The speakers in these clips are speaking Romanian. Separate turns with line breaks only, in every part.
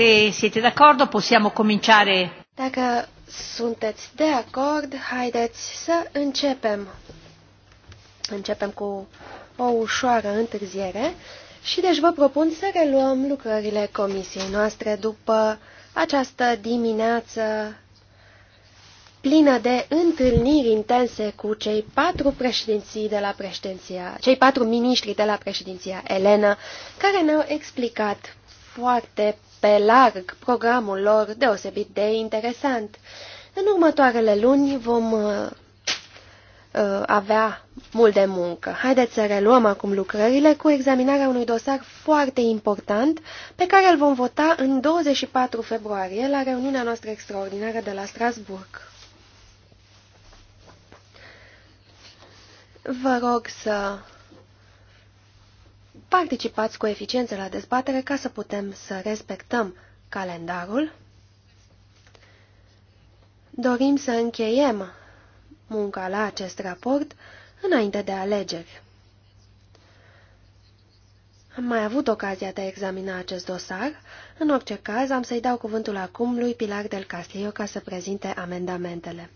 Se siete d'accordo, possiamo cominciare.
Dacă sunteți de acord, haideți să începem. Începem cu o ușoară întârziere și deci vă propun să reluăm lucrările comisiei noastre după această dimineață plină de întâlniri intense cu cei patru președinții de la președinția, cei patru miniștri de la președinția Elena, care ne-au explicat foarte pe larg programul lor deosebit de interesant. În următoarele luni vom uh, uh, avea mult de muncă. Haideți să reluăm acum lucrările cu examinarea unui dosar foarte important pe care îl vom vota în 24 februarie la reuniunea noastră extraordinară de la Strasburg. Vă rog să participați cu eficiență la dezbatere ca să putem să respectăm calendarul. Dorim să încheiem munca la acest raport înainte de alegeri. Am mai avut ocazia de a examina acest dosar. În orice caz, am să-i dau cuvântul acum lui Pilar del Castillo ca să prezinte amendamentele.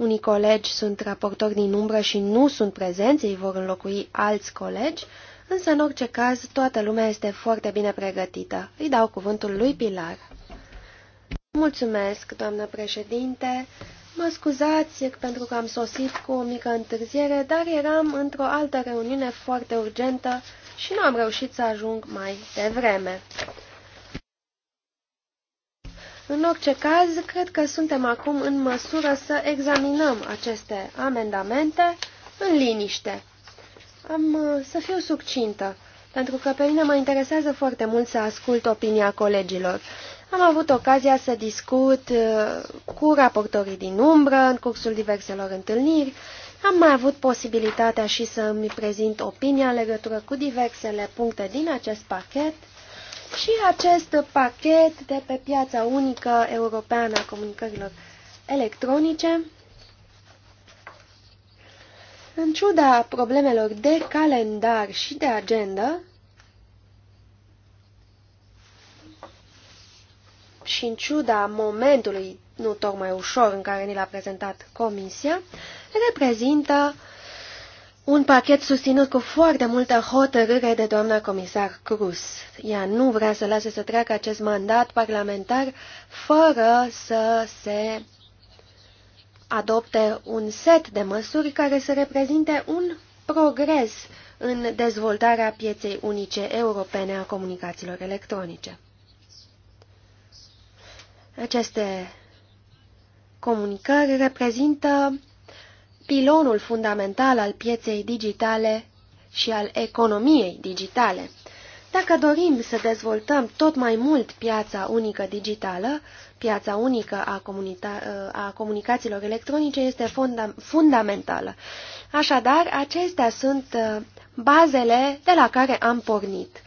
Unii colegi sunt raportori din umbră și nu sunt prezenți, ei vor înlocui alți colegi, însă în orice caz toată lumea este foarte bine pregătită. Îi dau cuvântul lui Pilar. Mulțumesc, doamnă președinte. Mă scuzați pentru că am sosit cu o mică întârziere, dar eram într-o altă reuniune foarte urgentă și nu am reușit să ajung mai devreme. În orice caz, cred că suntem acum în măsură să examinăm aceste amendamente în liniște. Am uh, să fiu succintă, pentru că pe mine mă interesează foarte mult să ascult opinia colegilor. Am avut ocazia să discut uh, cu raportorii din umbră în cursul diverselor întâlniri. Am mai avut posibilitatea și să-mi prezint opinia în legătură cu diversele puncte din acest pachet și acest pachet de pe piața unică europeană a comunicărilor electronice. În ciuda problemelor de calendar și de agenda, și în ciuda momentului nu tocmai ușor în care ni l-a prezentat Comisia, reprezintă un pachet susținut cu foarte multă hotărâre de doamna comisar Cruz. Ea nu vrea să lase să treacă acest mandat parlamentar fără să se adopte un set de măsuri care să reprezinte un progres în dezvoltarea pieței unice europene a comunicațiilor electronice. Aceste comunicări reprezintă pilonul fundamental al pieței digitale și al economiei digitale. Dacă dorim să dezvoltăm tot mai mult piața unică digitală, piața unică a, a comunicațiilor electronice este funda fundamentală. Așadar, acestea sunt uh, bazele de la care am pornit.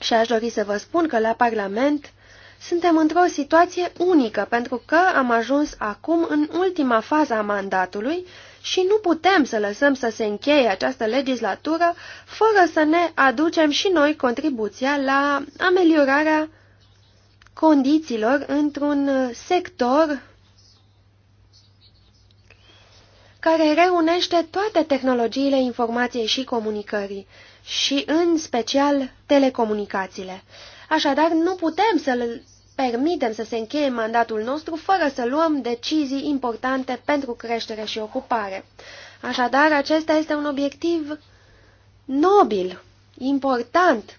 Și aș dori să vă spun că la Parlament suntem într-o situație unică pentru că am ajuns acum în ultima fază a mandatului și nu putem să lăsăm să se încheie această legislatură fără să ne aducem și noi contribuția la ameliorarea condițiilor într-un sector care reunește toate tehnologiile informației și comunicării, și în special telecomunicațiile. Așadar, nu putem să permitem să se încheie mandatul nostru fără să luăm decizii importante pentru creștere și ocupare. Așadar, acesta este un obiectiv nobil, important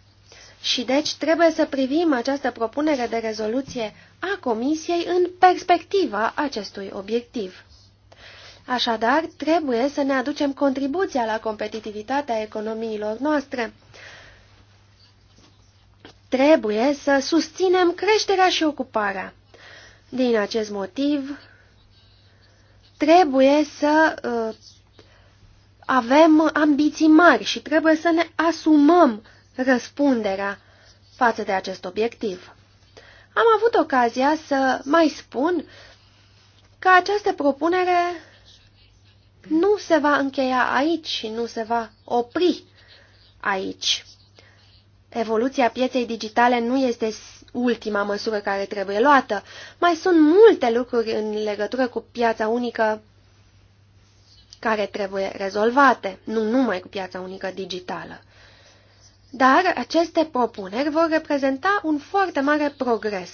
și deci trebuie să privim această propunere de rezoluție a Comisiei în perspectiva acestui obiectiv. Așadar, trebuie să ne aducem contribuția la competitivitatea economiilor noastre Trebuie să susținem creșterea și ocuparea. Din acest motiv, trebuie să uh, avem ambiții mari și trebuie să ne asumăm răspunderea față de acest obiectiv. Am avut ocazia să mai spun că această propunere nu se va încheia aici și nu se va opri aici. Evoluția pieței digitale nu este ultima măsură care trebuie luată. Mai sunt multe lucruri în legătură cu piața unică care trebuie rezolvate, nu numai cu piața unică digitală. Dar aceste propuneri vor reprezenta un foarte mare progres.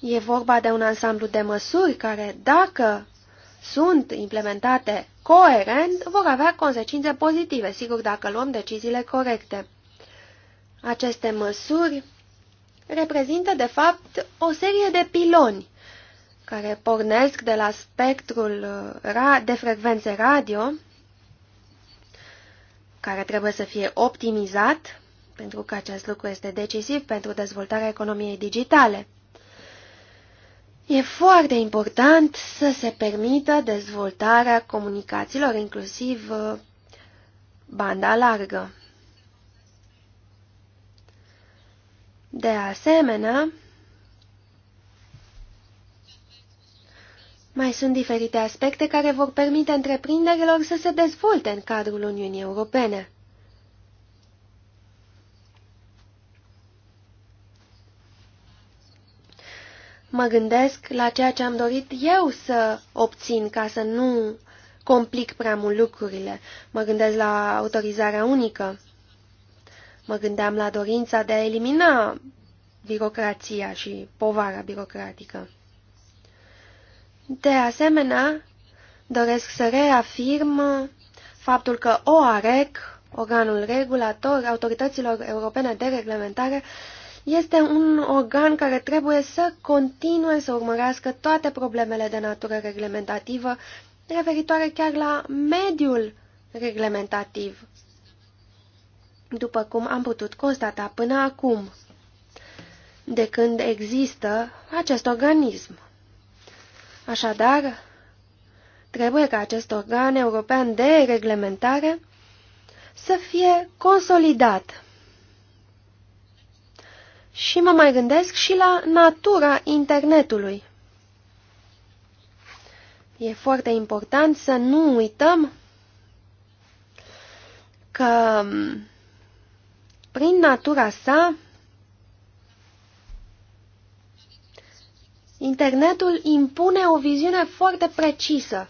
E vorba de un ansamblu de măsuri care, dacă sunt implementate coerent, vor avea consecințe pozitive, sigur, dacă luăm deciziile corecte. Aceste măsuri reprezintă, de fapt, o serie de piloni care pornesc de la spectrul uh, de frecvențe radio, care trebuie să fie optimizat, pentru că acest lucru este decisiv pentru dezvoltarea economiei digitale. E foarte important să se permită dezvoltarea comunicațiilor, inclusiv uh, banda largă. De asemenea, mai sunt diferite aspecte care vor permite întreprinderilor să se dezvolte în cadrul Uniunii Europene. mă gândesc la ceea ce am dorit eu să obțin ca să nu complic prea mult lucrurile. Mă gândesc la autorizarea unică. Mă gândeam la dorința de a elimina birocrația și povara birocratică. De asemenea, doresc să reafirm faptul că OAREC, organul regulator autorităților europene de reglementare, este un organ care trebuie să continue să urmărească toate problemele de natură reglementativă referitoare chiar la mediul reglementativ, după cum am putut constata până acum, de când există acest organism. Așadar, trebuie ca acest organ european de reglementare să fie consolidat și mă mai gândesc și la natura internetului. E foarte important să nu uităm că prin natura sa internetul impune o viziune foarte precisă.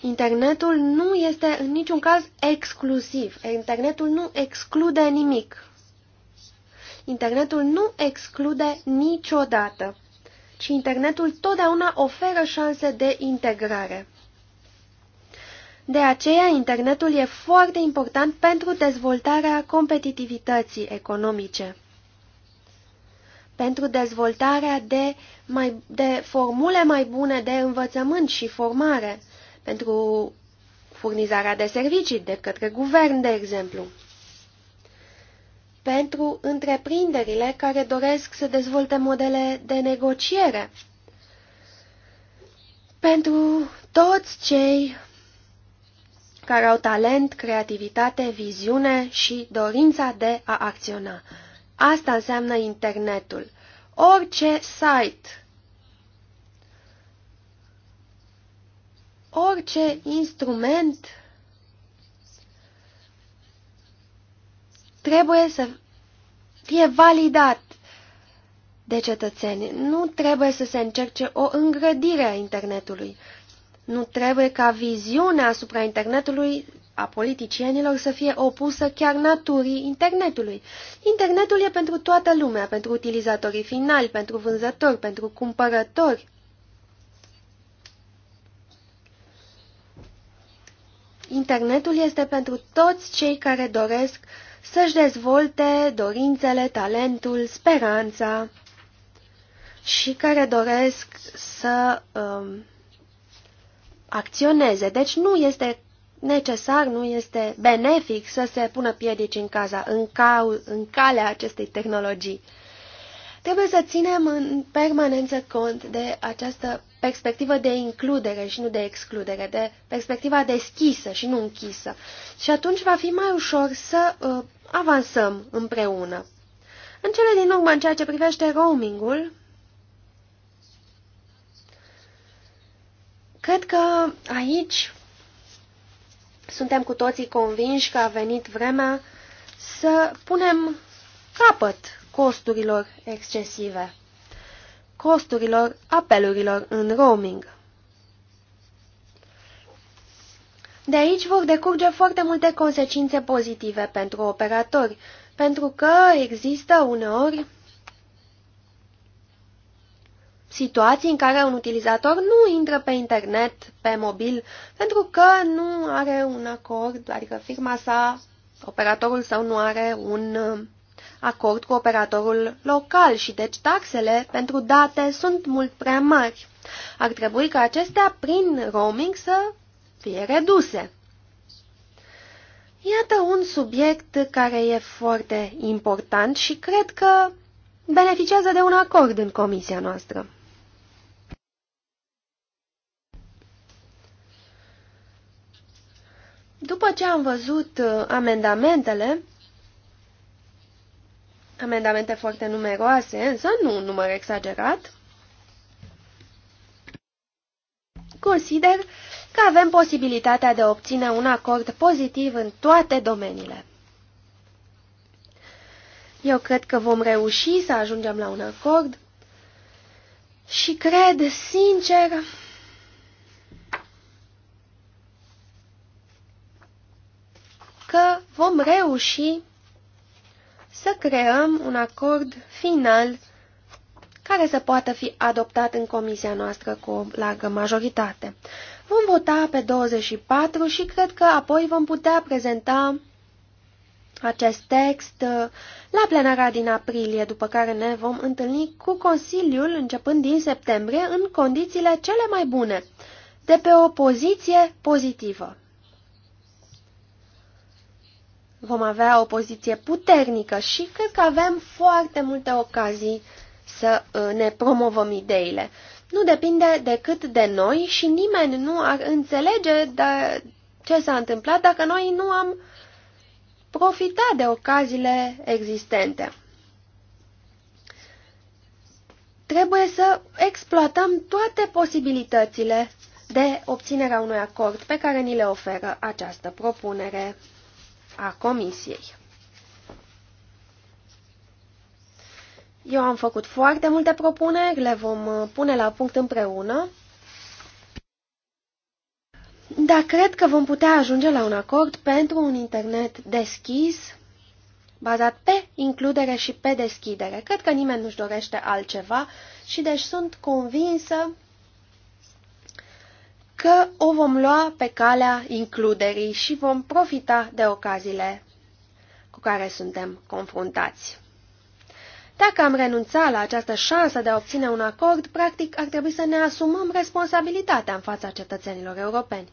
Internetul nu este în niciun caz exclusiv. Internetul nu exclude nimic. Internetul nu exclude niciodată, ci internetul totdeauna oferă șanse de integrare. De aceea, internetul e foarte important pentru dezvoltarea competitivității economice, pentru dezvoltarea de, mai, de formule mai bune de învățământ și formare, pentru furnizarea de servicii de către guvern, de exemplu pentru întreprinderile care doresc să dezvolte modele de negociere. Pentru toți cei care au talent, creativitate, viziune și dorința de a acționa. Asta înseamnă internetul. Orice site, orice instrument trebuie să fie validat de cetățeni. Nu trebuie să se încerce o îngrădire a internetului. Nu trebuie ca viziunea asupra internetului a politicienilor să fie opusă chiar naturii internetului. Internetul e pentru toată lumea, pentru utilizatorii finali, pentru vânzători, pentru cumpărători. Internetul este pentru toți cei care doresc să-și dezvolte dorințele, talentul, speranța și care doresc să um, acționeze. Deci nu este necesar, nu este benefic să se pună piedici în, caza, în, cau, în calea acestei tehnologii. Trebuie să ținem în permanență cont de această perspectivă de includere și nu de excludere, de perspectiva deschisă și nu închisă. Și atunci va fi mai ușor să uh, avansăm împreună. În cele din urmă, în ceea ce privește roamingul, cred că aici suntem cu toții convinși că a venit vremea să punem capăt costurilor excesive costurilor apelurilor în roaming. De aici vor decurge foarte multe consecințe pozitive pentru operatori, pentru că există uneori situații în care un utilizator nu intră pe internet, pe mobil, pentru că nu are un acord, adică firma sa, operatorul său nu are un acord cu operatorul local și deci taxele pentru date sunt mult prea mari. Ar trebui ca acestea prin roaming să fie reduse. Iată un subiect care e foarte important și cred că beneficiază de un acord în comisia noastră. După ce am văzut uh, amendamentele, amendamente foarte numeroase, însă nu un număr exagerat, consider că avem posibilitatea de a obține un acord pozitiv în toate domeniile. Eu cred că vom reuși să ajungem la un acord și cred sincer că vom reuși să creăm un acord final care să poată fi adoptat în comisia noastră cu o largă majoritate. Vom vota pe 24 și cred că apoi vom putea prezenta acest text uh, la plenara din aprilie, după care ne vom întâlni cu Consiliul începând din septembrie în condițiile cele mai bune, de pe o poziție pozitivă vom avea o poziție puternică și cred că avem foarte multe ocazii să uh, ne promovăm ideile. Nu depinde decât de noi și nimeni nu ar înțelege de ce s-a întâmplat dacă noi nu am profitat de ocaziile existente. Trebuie să exploatăm toate posibilitățile de obținerea unui acord pe care ni le oferă această propunere a Comisiei. Eu am făcut foarte multe propuneri, le vom uh, pune la punct împreună. Dar cred că vom putea ajunge la un acord pentru un internet deschis, bazat pe includere și pe deschidere. Cred că nimeni nu-și dorește altceva și deci sunt convinsă că o vom lua pe calea includerii și vom profita de ocaziile cu care suntem confruntați. Dacă am renunțat la această șansă de a obține un acord, practic ar trebui să ne asumăm responsabilitatea în fața cetățenilor europeni.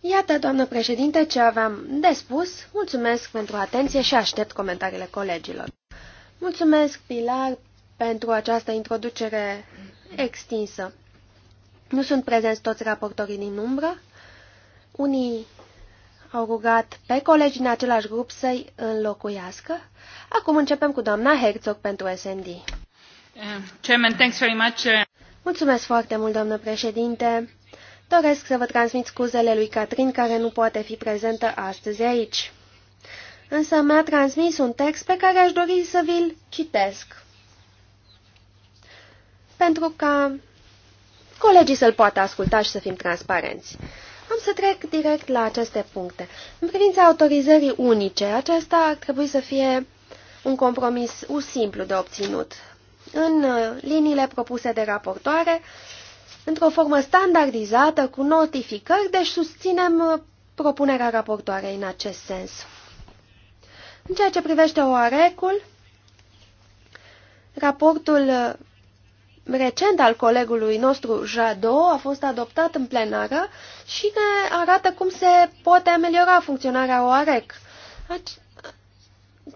Iată, doamnă președinte, ce aveam de spus. Mulțumesc pentru atenție și aștept comentariile colegilor. Mulțumesc, Pilar, pentru această introducere extinsă. Nu sunt prezenți toți raportorii din umbră. Unii au rugat pe colegi din același grup să-i înlocuiască. Acum începem cu doamna Herzog pentru SND. Eh,
Chairman, thanks very much. Eh.
Mulțumesc foarte mult, doamnă președinte. Doresc să vă transmit scuzele lui Catrin, care nu poate fi prezentă astăzi aici. Însă mi-a transmis un text pe care aș dori să vi-l citesc. Pentru ca colegii să-l poată asculta și să fim transparenți. Am să trec direct la aceste puncte. În privința autorizării unice, acesta ar trebui să fie un compromis simplu de obținut. În uh, liniile propuse de raportoare, într-o formă standardizată, cu notificări, deci susținem uh, propunerea raportoarei în acest sens. În ceea ce privește OAREC-ul, raportul uh, recent al colegului nostru Jado a fost adoptat în plenară și ne arată cum se poate ameliora funcționarea OAREC.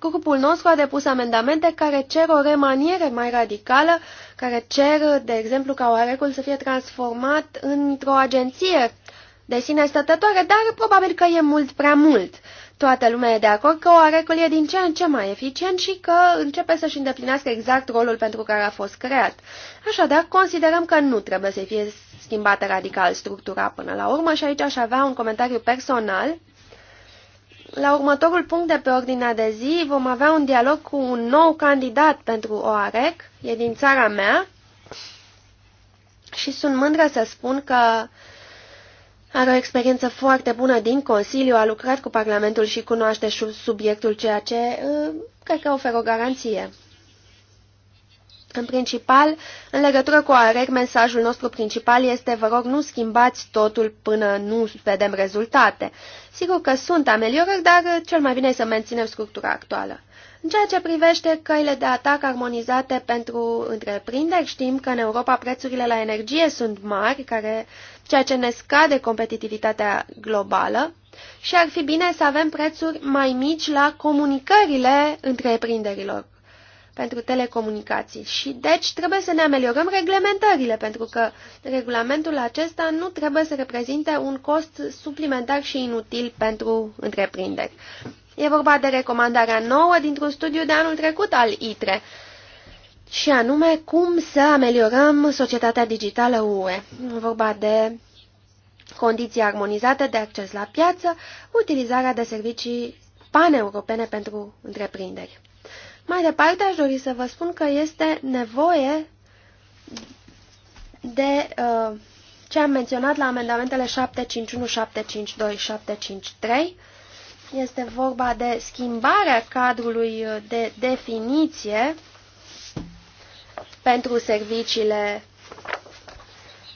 Grupul nostru a depus amendamente care cer o remaniere mai radicală, care cer, de exemplu, ca OAREC-ul să fie transformat într-o agenție de sine stătătoare, dar probabil că e mult prea mult. Toată lumea e de acord că Oracul e din ce în ce mai eficient și că începe să-și îndeplinească exact rolul pentru care a fost creat. Așadar, considerăm că nu trebuie să fie schimbată radical structura până la urmă și aici aș avea un comentariu personal. La următorul punct de pe ordinea de zi vom avea un dialog cu un nou candidat pentru OAREC, e din țara mea și sunt mândră să spun că uh, are o experiență foarte bună din Consiliu, a lucrat cu Parlamentul și cunoaște subiectul, ceea ce uh, cred că oferă o garanție. În principal, în legătură cu AREC, mesajul nostru principal este, vă rog, nu schimbați totul până nu vedem rezultate. Sigur că sunt ameliorări, dar uh, cel mai bine e să menținem structura actuală. În ceea ce privește căile de atac armonizate pentru întreprinderi, știm că în Europa prețurile la energie sunt mari, care ceea ce ne scade competitivitatea globală și ar fi bine să avem prețuri mai mici la comunicările întreprinderilor pentru telecomunicații. Și deci trebuie să ne ameliorăm reglementările, pentru că regulamentul acesta nu trebuie să reprezinte un cost suplimentar și inutil pentru întreprinderi. E vorba de recomandarea nouă dintr-un studiu de anul trecut al ITRE, și anume cum să ameliorăm societatea digitală UE. Vorba de condiții armonizate de acces la piață, utilizarea de servicii paneuropene pentru întreprinderi. Mai departe, aș dori să vă spun că este nevoie de uh, ce am menționat la amendamentele 751, 752, 753. Este vorba de schimbarea cadrului de definiție uh, pentru serviciile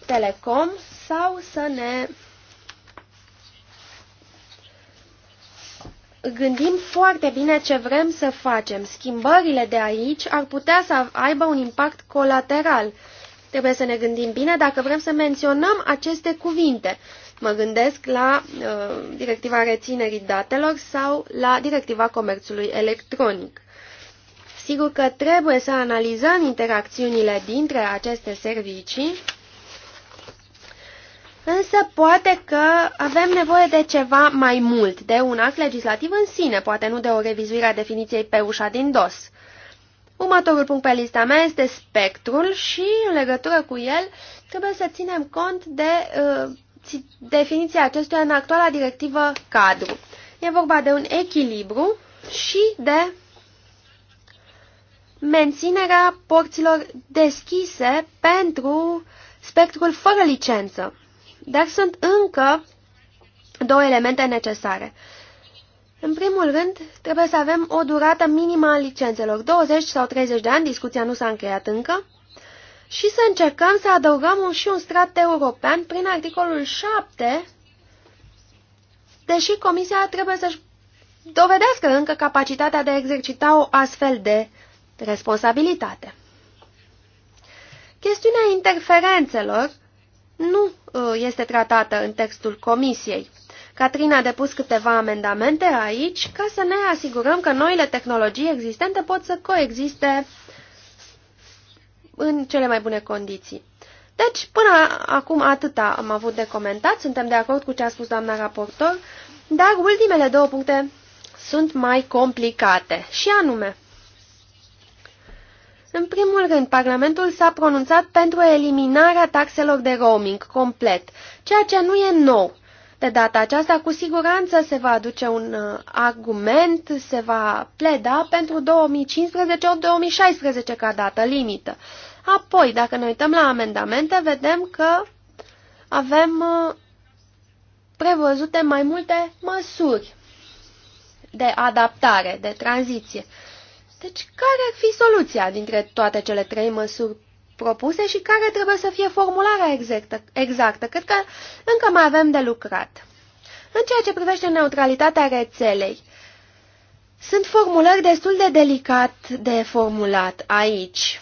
telecom sau să ne gândim foarte bine ce vrem să facem. Schimbările de aici ar putea să aibă un impact colateral. Trebuie să ne gândim bine dacă vrem să menționăm aceste cuvinte. Mă gândesc la uh, directiva reținerii datelor sau la directiva comerțului electronic. Sigur că trebuie să analizăm interacțiunile dintre aceste servicii, însă poate că avem nevoie de ceva mai mult, de un act legislativ în sine, poate nu de o revizuire a definiției pe ușa din DOS. Următorul punct pe lista mea este spectrul și, în legătură cu el, trebuie să ținem cont de uh, definiția acestuia în actuala directivă cadru. E vorba de un echilibru și de menținerea porților deschise pentru spectrul fără licență. Dar sunt încă două elemente necesare. În primul rând, trebuie să avem o durată minimă a licențelor, 20 sau 30 de ani, discuția nu s-a încheiat încă, și să încercăm să adăugăm un, și un strat european prin articolul 7, deși Comisia trebuie să-și dovedească încă capacitatea de a exercita o astfel de responsabilitate. Chestiunea interferențelor nu ă, este tratată în textul comisiei. Catrina a depus câteva amendamente aici ca să ne asigurăm că noile tehnologii existente pot să coexiste în cele mai bune condiții. Deci, până acum atâta am avut de comentat, suntem de acord cu ce a spus doamna raportor, dar ultimele două puncte sunt mai complicate, și anume, în primul rând, Parlamentul s-a pronunțat pentru eliminarea taxelor de roaming complet, ceea ce nu e nou. De data aceasta, cu siguranță se va aduce un uh, argument, se va pleda pentru 2015-2016 ca dată limită. Apoi, dacă ne uităm la amendamente, vedem că avem uh, prevăzute mai multe măsuri de adaptare, de tranziție. Deci, care ar fi soluția dintre toate cele trei măsuri propuse și care trebuie să fie formularea exactă? exactă? Cred că încă mai avem de lucrat. În ceea ce privește neutralitatea rețelei, sunt formulări destul de delicat de formulat aici.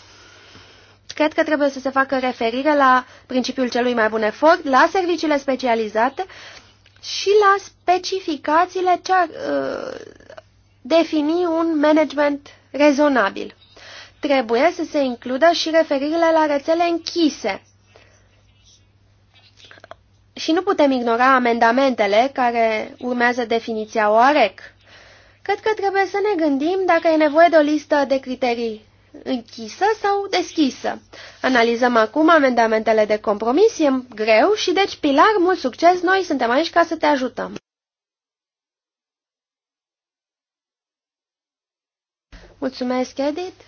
Cred că trebuie să se facă referire la principiul celui mai bun efort, la serviciile specializate și la specificațiile ce ar uh, defini un management rezonabil. Trebuie să se includă și referirile la rețele închise. Și nu putem ignora amendamentele care urmează definiția OAREC. Cred că trebuie să ne gândim dacă e nevoie de o listă de criterii închisă sau deschisă. Analizăm acum amendamentele de compromis, e greu și deci, Pilar, mult succes, noi suntem aici ca să te ajutăm. Mulțumesc, Edith!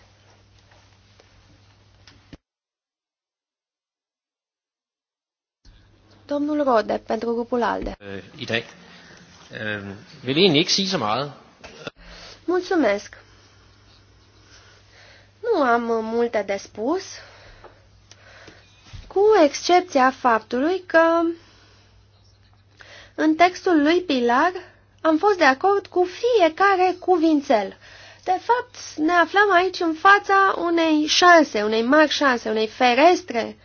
Domnul Rode, pentru grupul ALDE. I dag vil egentlig ikke sige så Mulțumesc. Nu am multe de spus, cu excepția faptului că în textul lui Pilar am fost de acord cu fiecare cuvințel. De fapt, ne aflăm aici în fața unei șanse, unei mari șanse, unei ferestre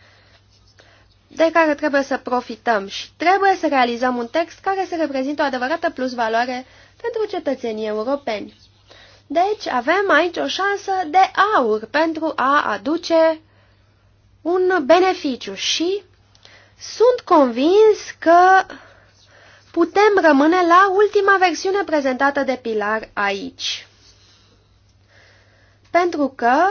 de care trebuie să profităm și trebuie să realizăm un text care să reprezintă o adevărată plus valoare pentru cetățenii europeni. Deci avem aici o șansă de aur pentru a aduce un beneficiu și sunt convins că putem rămâne la ultima versiune prezentată de Pilar aici. Pentru că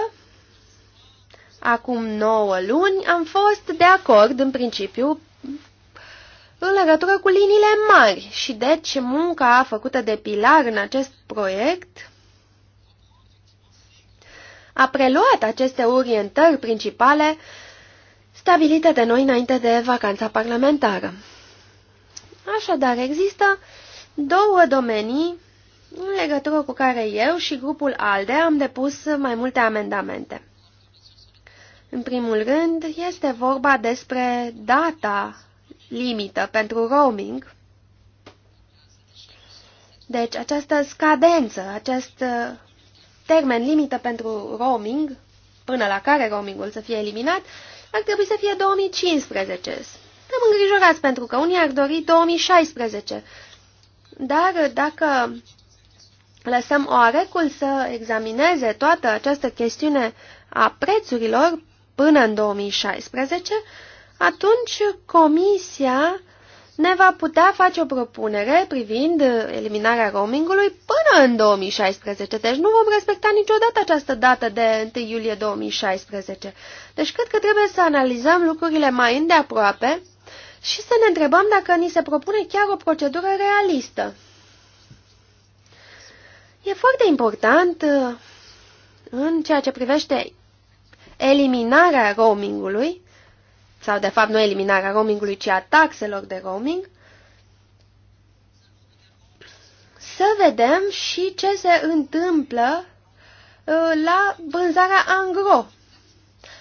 acum nouă luni am fost de acord în principiu în legătură cu liniile mari și deci munca făcută de Pilar în acest proiect a preluat aceste orientări principale stabilite de noi înainte de vacanța parlamentară. Așadar, există două domenii în legătură cu care eu și grupul ALDE am depus mai multe amendamente. În primul rând, este vorba despre data limită pentru roaming. Deci, această scadență, acest uh, termen limită pentru roaming, până la care roamingul să fie eliminat, ar trebui să fie 2015. Suntem îngrijorați pentru că unii ar dori 2016. Dar dacă lăsăm oarecul să examineze toată această chestiune a prețurilor până în 2016, atunci Comisia ne va putea face o propunere privind eliminarea roamingului până în 2016. Deci nu vom respecta niciodată această dată de 1 iulie 2016. Deci cred că trebuie să analizăm lucrurile mai îndeaproape și să ne întrebăm dacă ni se propune chiar o procedură realistă. E foarte important uh, în ceea ce privește eliminarea roamingului, sau de fapt nu eliminarea roamingului, ci a taxelor de roaming, să vedem și ce se întâmplă uh, la vânzarea angro.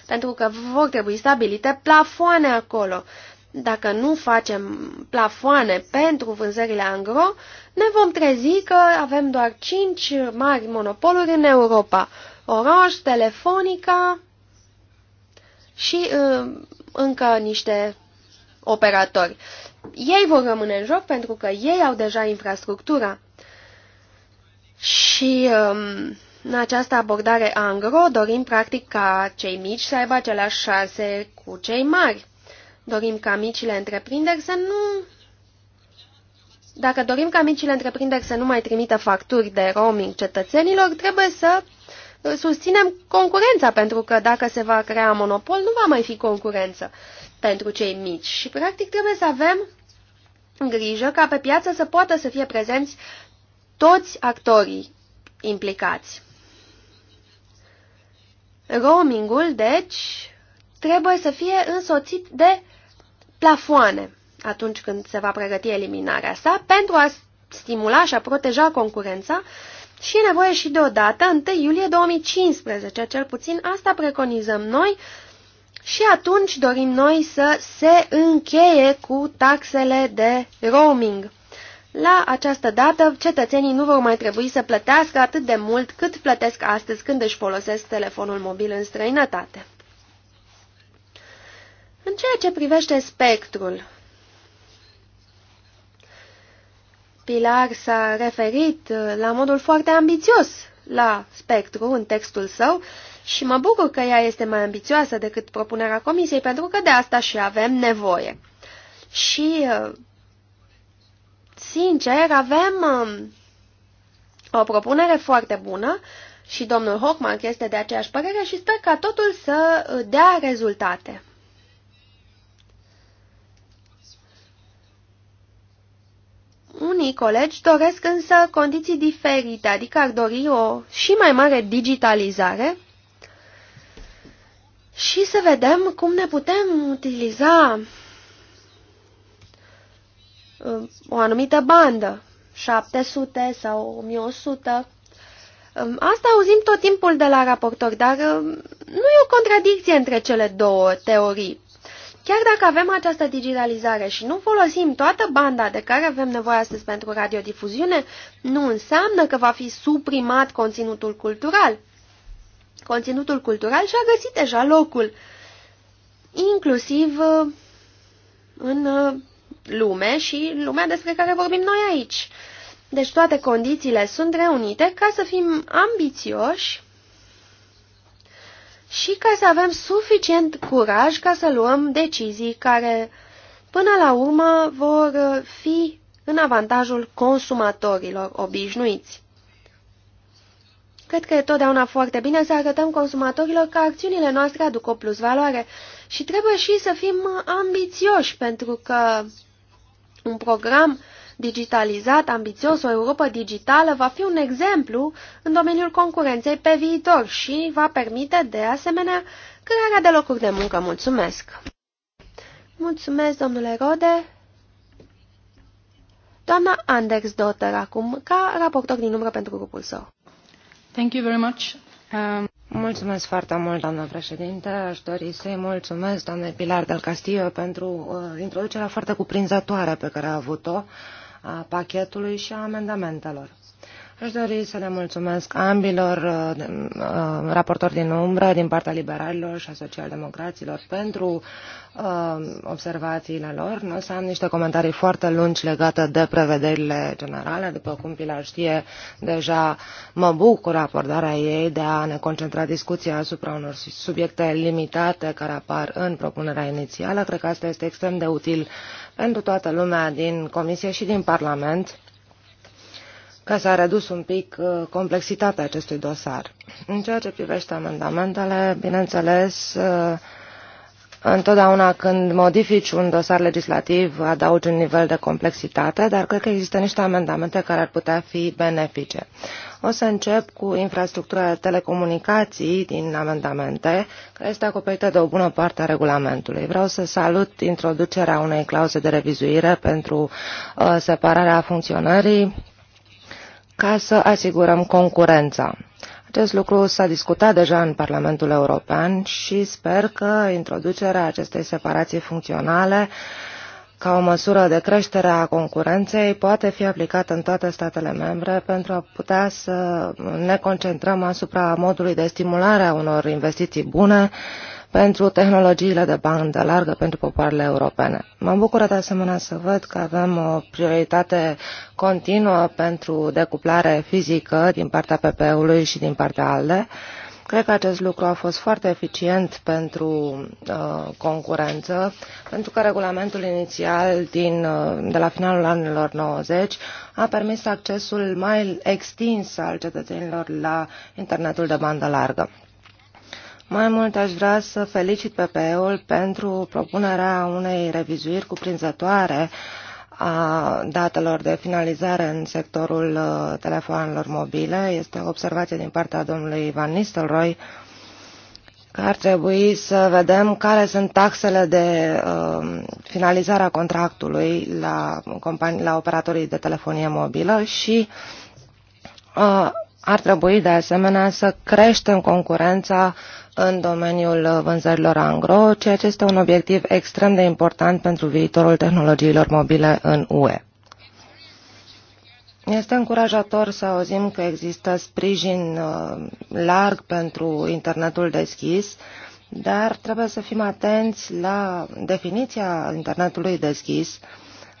Pentru că vor trebui stabilite plafoane acolo dacă nu facem plafoane pentru vânzările angro, ne vom trezi că avem doar 5 mari monopoluri în Europa. Orange, Telefonica și uh, încă niște operatori. Ei vor rămâne în joc pentru că ei au deja infrastructura. Și um, în această abordare angro dorim practic ca cei mici să aibă aceleași șanse cu cei mari dorim ca micile întreprinderi să nu... Dacă dorim ca micile întreprinderi să nu mai trimită facturi de roaming cetățenilor, trebuie să uh, susținem concurența, pentru că dacă se va crea monopol, nu va mai fi concurență pentru cei mici. Și, practic, trebuie să avem grijă ca pe piață să poată să fie prezenți toți actorii implicați. Roamingul, deci, trebuie să fie însoțit de plafoane atunci când se va pregăti eliminarea sa pentru a stimula și a proteja concurența și e nevoie și deodată, 1 iulie 2015, cel puțin asta preconizăm noi și atunci dorim noi să se încheie cu taxele de roaming. La această dată, cetățenii nu vor mai trebui să plătească atât de mult cât plătesc astăzi când își folosesc telefonul mobil în străinătate. În ceea ce privește spectrul, Pilar s-a referit uh, la modul foarte ambițios la spectru în textul său și mă bucur că ea este mai ambițioasă decât propunerea comisiei, pentru că de asta și avem nevoie. Și, uh, sincer, avem um, o propunere foarte bună și domnul Hochmark este de aceeași părere și sper ca totul să uh, dea rezultate. Unii colegi doresc însă condiții diferite, adică ar dori o și mai mare digitalizare și să vedem cum ne putem utiliza uh, o anumită bandă, 700 sau 1100. Um, asta auzim tot timpul de la raportor, dar uh, nu e o contradicție între cele două teorii. Chiar dacă avem această digitalizare și nu folosim toată banda de care avem nevoie astăzi pentru radiodifuziune, nu înseamnă că va fi suprimat conținutul cultural. Conținutul cultural și-a găsit deja locul, inclusiv uh, în uh, lume și lumea despre care vorbim noi aici. Deci toate condițiile sunt reunite ca să fim ambițioși și ca să avem suficient curaj ca să luăm decizii care, până la urmă, vor fi în avantajul consumatorilor obișnuiți. Cred că e totdeauna foarte bine să arătăm consumatorilor că acțiunile noastre aduc o plus valoare și trebuie și să fim ambițioși, pentru că un program digitalizat, ambițios, o Europa digitală va fi un exemplu în domeniul concurenței pe viitor și va permite, de asemenea, crearea de locuri de muncă. Mulțumesc! Mulțumesc, domnule Rode! Doamna Anders Dotter acum, ca raportor din umbră pentru
grupul său. Thank you very much. Um... Mulțumesc foarte mult, doamnă președinte. Aș dori să-i mulțumesc, doamne Pilar del Castillo, pentru uh, introducerea foarte cuprinzătoare pe care a avut-o. Uh, pachetului și a amendamentelor. Aș dori să le mulțumesc ambilor uh, uh, raportori din umbră, din partea liberalilor și a socialdemocraților, pentru uh, observațiile lor. Nu să am niște comentarii foarte lungi legate de prevederile generale. După cum Pilar știe, deja mă bucur abordarea ei de a ne concentra discuția asupra unor subiecte limitate care apar în propunerea inițială. Cred că asta este extrem de util pentru toată lumea din Comisie și din Parlament că s-a redus un pic uh, complexitatea acestui dosar. În ceea ce privește amendamentele, bineînțeles, uh, întotdeauna când modifici un dosar legislativ adaugi un nivel de complexitate, dar cred că există niște amendamente care ar putea fi benefice. O să încep cu infrastructura de telecomunicații din amendamente, care este acoperită de o bună parte a regulamentului. Vreau să salut introducerea unei clauze de revizuire pentru uh, separarea funcționării ca să asigurăm concurența. Acest lucru s-a discutat deja în Parlamentul European și sper că introducerea acestei separații funcționale ca o măsură de creștere a concurenței poate fi aplicată în toate statele membre pentru a putea să ne concentrăm asupra modului de stimulare a unor investiții bune pentru tehnologiile de bandă largă pentru popoarele europene. Mă bucură de asemenea să văd că avem o prioritate continuă pentru decuplare fizică din partea PPE-ului și din partea ALDE. Cred că acest lucru a fost foarte eficient pentru uh, concurență, pentru că regulamentul inițial din, uh, de la finalul anilor 90 a permis accesul mai extins al cetățenilor la internetul de bandă largă. Mai mult aș vrea să felicit PPE-ul pentru propunerea unei revizuiri cuprinzătoare a datelor de finalizare în sectorul uh, telefoanelor mobile. Este o observație din partea domnului Van Nistelrooy că ar trebui să vedem care sunt taxele de uh, finalizare a contractului la, companii, la operatorii de telefonie mobilă și uh, ar trebui de asemenea să creștem concurența uh, în domeniul uh, vânzărilor angro, ceea ce este un obiectiv extrem de important pentru viitorul tehnologiilor mobile în UE. Este încurajator să auzim că există sprijin uh, larg pentru internetul deschis, dar trebuie să fim atenți la definiția internetului deschis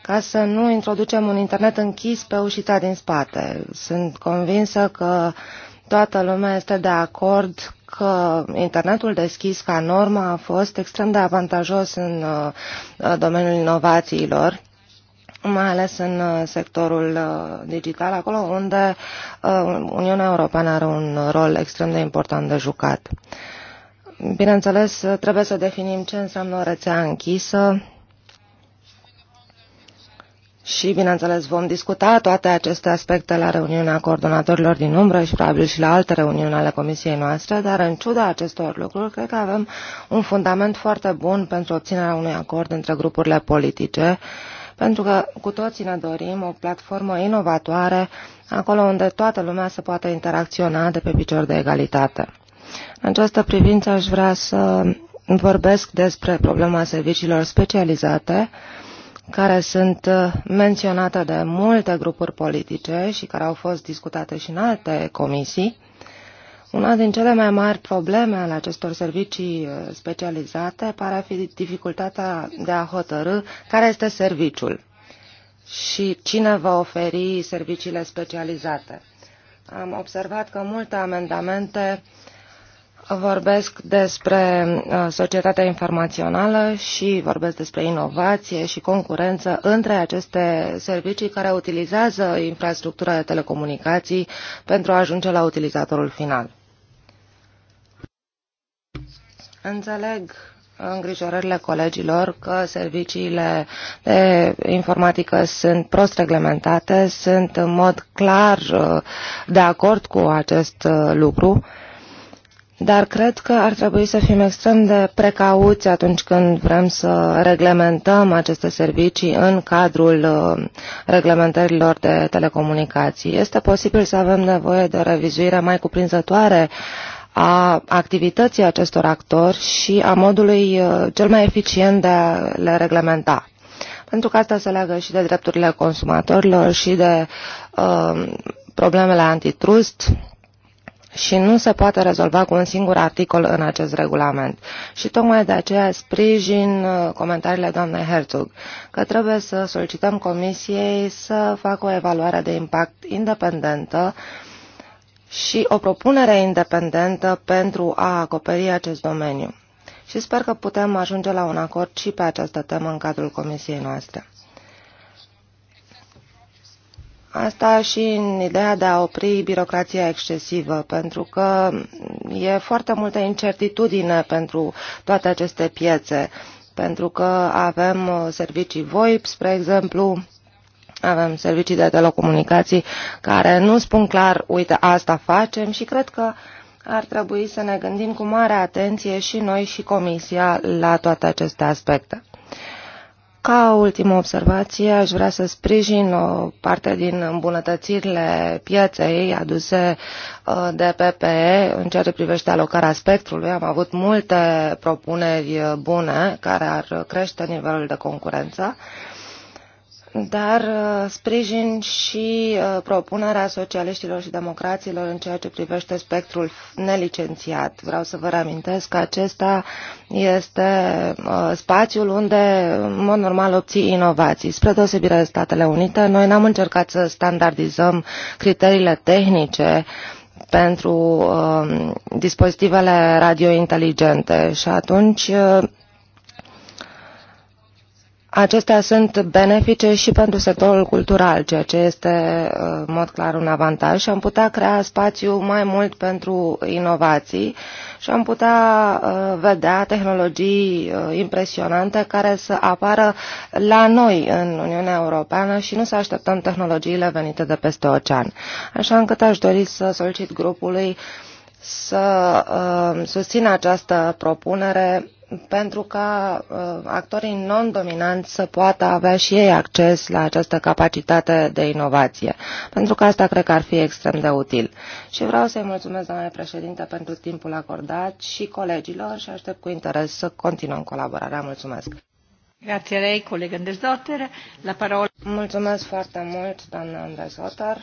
ca să nu introducem un internet închis pe ușița din spate. Sunt convinsă că toată lumea este de acord că internetul deschis ca normă a fost extrem de avantajos în uh, uh, domeniul inovațiilor mai ales în uh, sectorul digital, acolo unde Uniunea Europeană are un rol extrem de important de jucat. Bineînțeles, trebuie să definim ce înseamnă o rețea închisă, și, bineînțeles, vom discuta toate aceste aspecte la reuniunea coordonatorilor din umbră și probabil și la alte reuniuni ale comisiei noastre, dar în ciuda acestor lucruri, cred că avem un fundament foarte bun pentru obținerea unui acord între grupurile politice, pentru că cu toții ne dorim o platformă inovatoare, acolo unde toată lumea se poate interacționa de pe picior de egalitate. În această privință aș vrea să vorbesc despre problema serviciilor specializate, care sunt uh, menționate de multe grupuri politice și care au fost discutate și în alte comisii. Una din cele mai mari probleme ale acestor servicii uh, specializate pare a fi dificultatea de a hotărâ care este serviciul și cine va oferi serviciile specializate. Am observat că multe amendamente uh, vorbesc despre uh, societatea informațională și vorbesc despre inovație și concurență între aceste servicii care utilizează infrastructura de telecomunicații pentru a ajunge la utilizatorul final. Înțeleg îngrijorările colegilor că serviciile de informatică sunt prost reglementate, sunt în mod clar uh, de acord cu acest uh, lucru. Dar cred că ar trebui să fim extrem de precauți atunci când vrem să reglementăm aceste servicii în cadrul uh, reglementărilor de telecomunicații. Este posibil să avem nevoie de o revizuire mai cuprinzătoare a activității acestor actori și a modului uh, cel mai eficient de a le reglementa. Pentru că asta se leagă și de drepturile consumatorilor și de uh, problemele antitrust și nu se poate rezolva cu un singur articol în acest regulament. Și tocmai de aceea sprijin uh, comentariile doamnei Herzog că trebuie să solicităm Comisiei să facă o evaluare de impact independentă și o propunere independentă pentru a acoperi acest domeniu. Și sper că putem ajunge la un acord și pe această temă în cadrul Comisiei noastre. Asta și în ideea de a opri birocrația excesivă, pentru că e foarte multă incertitudine pentru toate aceste piețe, pentru că avem uh, servicii VoIP, spre exemplu, avem servicii de telecomunicații care nu spun clar, uite, asta facem și cred că ar trebui să ne gândim cu mare atenție și noi și Comisia la toate aceste aspecte. Ca ultimă observație, aș vrea să sprijin o parte din îmbunătățirile pieței aduse uh, de PPE în ceea ce privește alocarea spectrului. Am avut multe propuneri uh, bune care ar crește nivelul de concurență dar uh, sprijin și uh, propunerea socialiștilor și democraților în ceea ce privește spectrul nelicențiat. Vreau să vă reamintesc că acesta este uh, spațiul unde, în mod normal, obții inovații. Spre deosebire de Statele Unite, noi n-am încercat să standardizăm criteriile tehnice pentru uh, dispozitivele radio inteligente și atunci uh, Acestea sunt benefice și pentru sectorul cultural, ceea ce este în mod clar un avantaj și am putea crea spațiu mai mult pentru inovații și am putea uh, vedea tehnologii uh, impresionante care să apară la noi în Uniunea Europeană și nu să așteptăm tehnologiile venite de peste ocean. Așa încât aș dori să solicit grupului să uh, susțină această propunere pentru ca uh, actorii non-dominanți să poată avea și ei acces la această capacitate de inovație, pentru că asta cred că ar fi extrem de util. Și vreau să-i mulțumesc, doamne președinte, pentru timpul acordat și colegilor și aștept cu interes să continuăm colaborarea. Mulțumesc! Grazie lei, La parola... Mulțumesc foarte mult, doamna Andersdotter.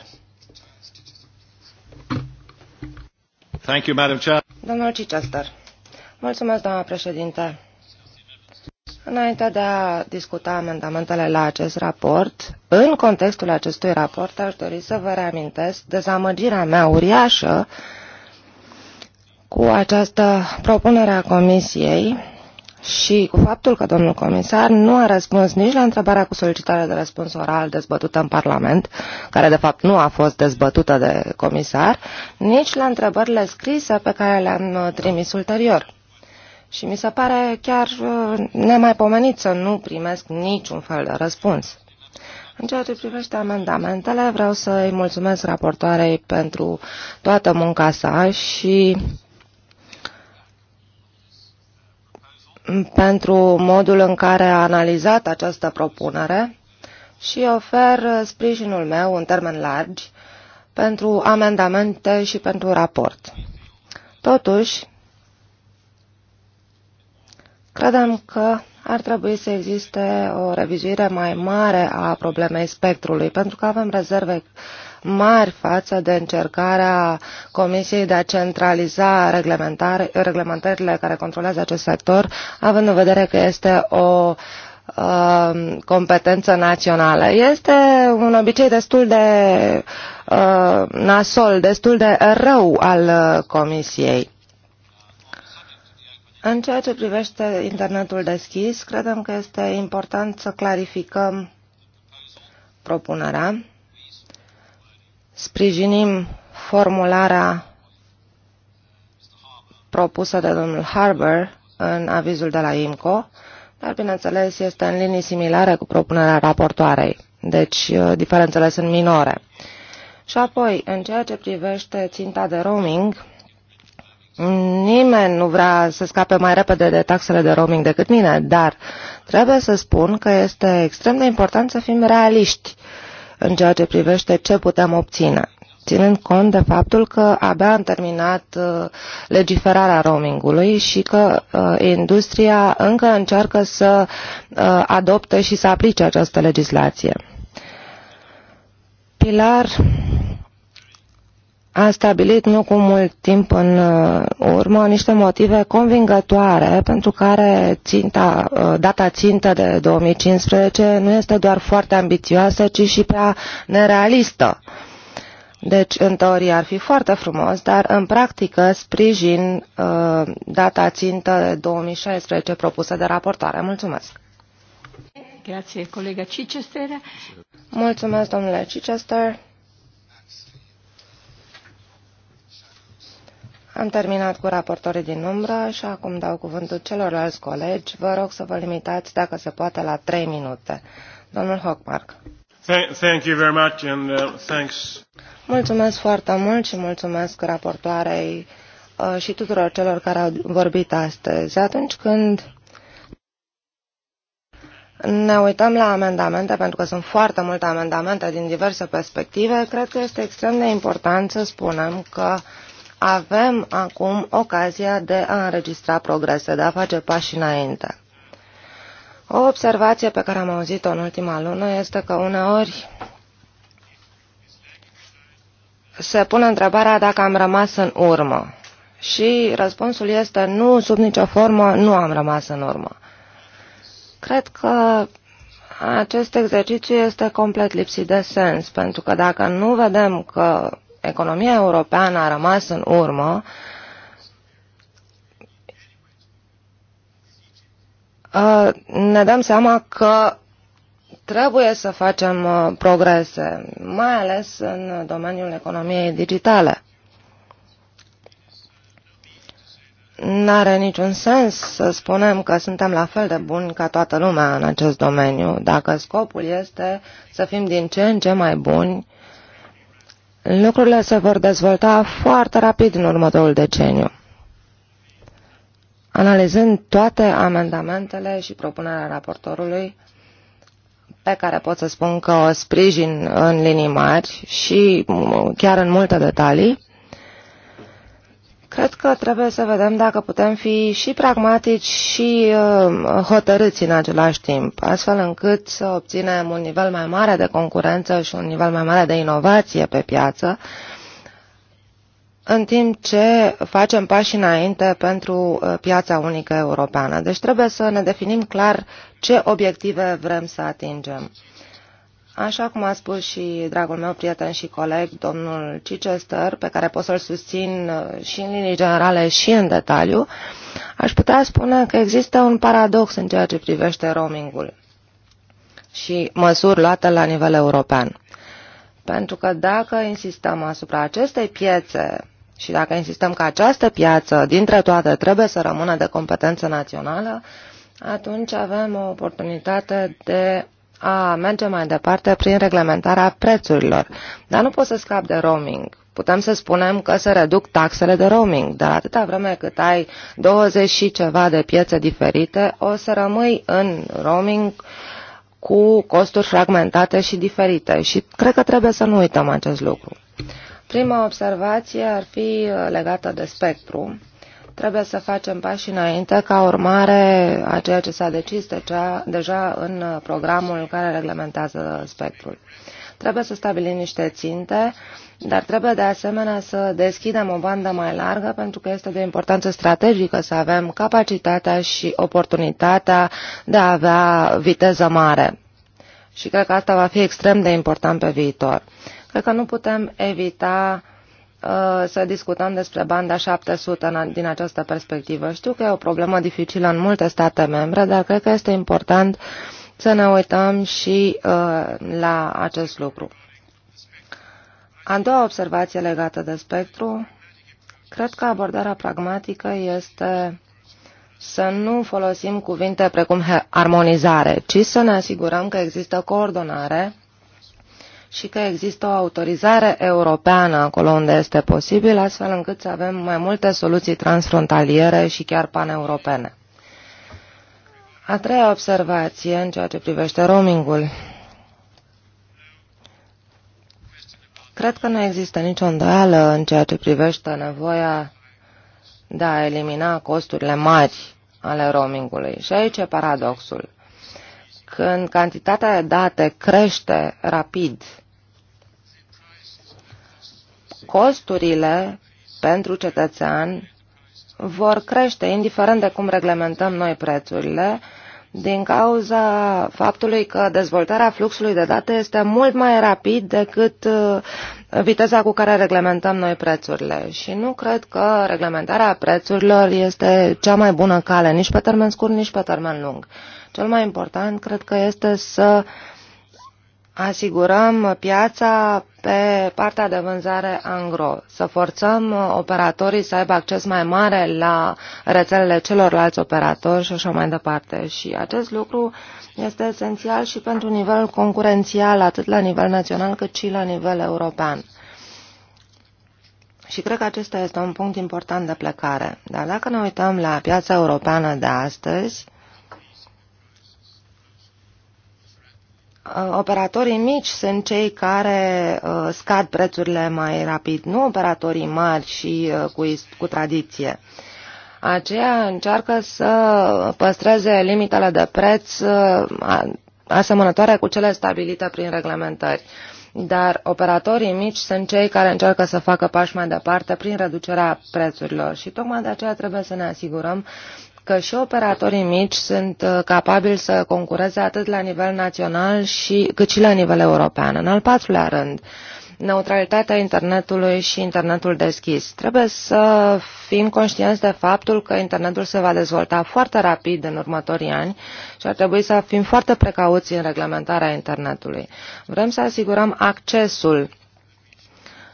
Thank you, Madam Chair. Domnul Chichester. Mulțumesc, doamna președinte. Înainte de a discuta amendamentele la acest raport, în contextul acestui raport aș dori să vă reamintesc dezamăgirea mea uriașă cu această propunere a Comisiei și cu faptul că domnul comisar nu a răspuns nici la întrebarea cu solicitare de răspuns oral dezbătută în Parlament, care de fapt nu a fost dezbătută de comisar, nici la întrebările scrise pe care le-am trimis ulterior. Și mi se pare chiar uh, nemaipomenit să nu primesc niciun fel de răspuns. În ceea ce privește amendamentele, vreau să îi mulțumesc raportoarei pentru toată munca sa și pentru modul în care a analizat această propunere și ofer sprijinul meu în termen largi pentru amendamente și pentru raport. Totuși, Credem că ar trebui să existe o revizuire mai mare a problemei spectrului, pentru că avem rezerve mari față de încercarea Comisiei de a centraliza reglementările care controlează acest sector, având în vedere că este o uh, competență națională. Este un obicei destul de uh, nasol, destul de rău al uh, Comisiei în ceea ce privește internetul deschis, credem că este important să clarificăm propunerea. Sprijinim formularea propusă de domnul Harbour în avizul de la IMCO, dar, bineînțeles, este în linii similare cu propunerea raportoarei, deci uh, diferențele sunt minore. Și apoi, în ceea ce privește ținta de roaming, Nimeni nu vrea să scape mai repede de taxele de roaming decât mine, dar trebuie să spun că este extrem de important să fim realiști în ceea ce privește ce putem obține, ținând cont de faptul că abia am terminat uh, legiferarea roamingului și că uh, industria încă încearcă să uh, adopte și să aplice această legislație. Pilar a stabilit nu cu mult timp în uh, urmă niște motive convingătoare pentru care ținta, uh, data țintă de 2015 nu este doar foarte ambițioasă, ci și prea nerealistă. Deci, în teorie ar fi foarte frumos, dar în practică sprijin uh, data țintă de 2016 propusă de raportoare. Mulțumesc!
Grazie, colega Chichester.
Mulțumesc, domnule Chichester. Am terminat cu raportorii din umbră și acum dau cuvântul celorlalți colegi. Vă rog să vă limitați, dacă se poate, la trei minute. Domnul Hockmark. Thank you very much and uh, thanks. Mulțumesc foarte mult și mulțumesc raportoarei uh, și tuturor celor care au vorbit astăzi. Atunci când ne uităm la amendamente, pentru că sunt foarte multe amendamente din diverse perspective, cred că este extrem de important să spunem că avem acum ocazia de a înregistra progrese, de a face pași înainte. O observație pe care am auzit-o în ultima lună este că uneori se pune întrebarea dacă am rămas în urmă. Și răspunsul este nu, sub nicio formă, nu am rămas în urmă. Cred că acest exercițiu este complet lipsit de sens, pentru că dacă nu vedem că economia europeană a rămas în urmă, ă, ne dăm seama că trebuie să facem ă, progrese, mai ales în domeniul economiei digitale. N-are niciun sens să spunem că suntem la fel de buni ca toată lumea în acest domeniu, dacă scopul este să fim din ce în ce mai buni lucrurile se vor dezvolta foarte rapid în următorul deceniu. Analizând toate amendamentele și propunerea raportorului, pe care pot să spun că o sprijin în linii mari și chiar în multe detalii, Cred că trebuie să vedem dacă putem fi și pragmatici și uh, hotărâți în același timp, astfel încât să obținem un nivel mai mare de concurență și un nivel mai mare de inovație pe piață, în timp ce facem pași înainte pentru uh, piața unică europeană. Deci trebuie să ne definim clar ce obiective vrem să atingem. Așa cum a spus și dragul meu prieten și coleg, domnul Chichester, pe care pot să-l susțin uh, și în linii generale și în detaliu, aș putea spune că există un paradox în ceea ce privește roamingul și măsuri luate la nivel european. Pentru că dacă insistăm asupra acestei piețe și dacă insistăm că această piață, dintre toate, trebuie să rămână de competență națională, atunci avem o oportunitate de a merge mai departe prin reglementarea prețurilor. Dar nu pot să scap de roaming. Putem să spunem că se reduc taxele de roaming, dar atâta vreme cât ai 20 și ceva de piețe diferite, o să rămâi în roaming cu costuri fragmentate și diferite. Și cred că trebuie să nu uităm acest lucru. Prima observație ar fi legată de spectru. Trebuie să facem pași înainte ca urmare a ceea ce s-a decis deja, deja în programul care reglementează spectrul. Trebuie să stabilim niște ținte, dar trebuie de asemenea să deschidem o bandă mai largă pentru că este de importanță strategică să avem capacitatea și oportunitatea de a avea viteză mare. Și cred că asta va fi extrem de important pe viitor. Cred că nu putem evita Uh, să discutăm despre banda 700 din această perspectivă. Știu că e o problemă dificilă în multe state membre, dar cred că este important să ne uităm și uh, la acest lucru. A doua observație legată de spectru, cred că abordarea pragmatică este să nu folosim cuvinte precum armonizare, ci să ne asigurăm că există coordonare și că există o autorizare europeană acolo unde este posibil, astfel încât să avem mai multe soluții transfrontaliere și chiar paneuropene. A treia observație în ceea ce privește roamingul. Cred că nu există nicio îndoială în ceea ce privește nevoia de a elimina costurile mari ale roamingului. Și aici e paradoxul când cantitatea de date crește rapid, costurile pentru cetățean vor crește, indiferent de cum reglementăm noi prețurile, din cauza faptului că dezvoltarea fluxului de date este mult mai rapid decât uh, viteza cu care reglementăm noi prețurile. Și nu cred că reglementarea prețurilor este cea mai bună cale, nici pe termen scurt, nici pe termen lung. Cel mai important cred că este să asigurăm piața pe partea de vânzare angro, să forțăm operatorii să aibă acces mai mare la rețelele celorlalți operatori și așa mai departe. Și acest lucru este esențial și pentru nivelul concurențial, atât la nivel național cât și la nivel european. Și cred că acesta este un punct important de plecare. Dar dacă ne uităm la piața europeană de astăzi, Uh, operatorii mici sunt cei care uh, scad prețurile mai rapid, nu operatorii mari și uh, cu, cu tradiție. Aceea încearcă să păstreze limitele de preț asemănătoare cu cele stabilite prin reglementări. Dar operatorii mici sunt cei care încearcă să facă pași mai departe prin reducerea prețurilor și tocmai de aceea trebuie să ne asigurăm că și operatorii mici sunt uh, capabili să concureze atât la nivel național și, cât și la nivel european. În al patrulea rând, neutralitatea internetului și internetul deschis. Trebuie să fim conștienți de faptul că internetul se va dezvolta foarte rapid în următorii ani și ar trebui să fim foarte precauți în reglementarea internetului. Vrem să asigurăm accesul,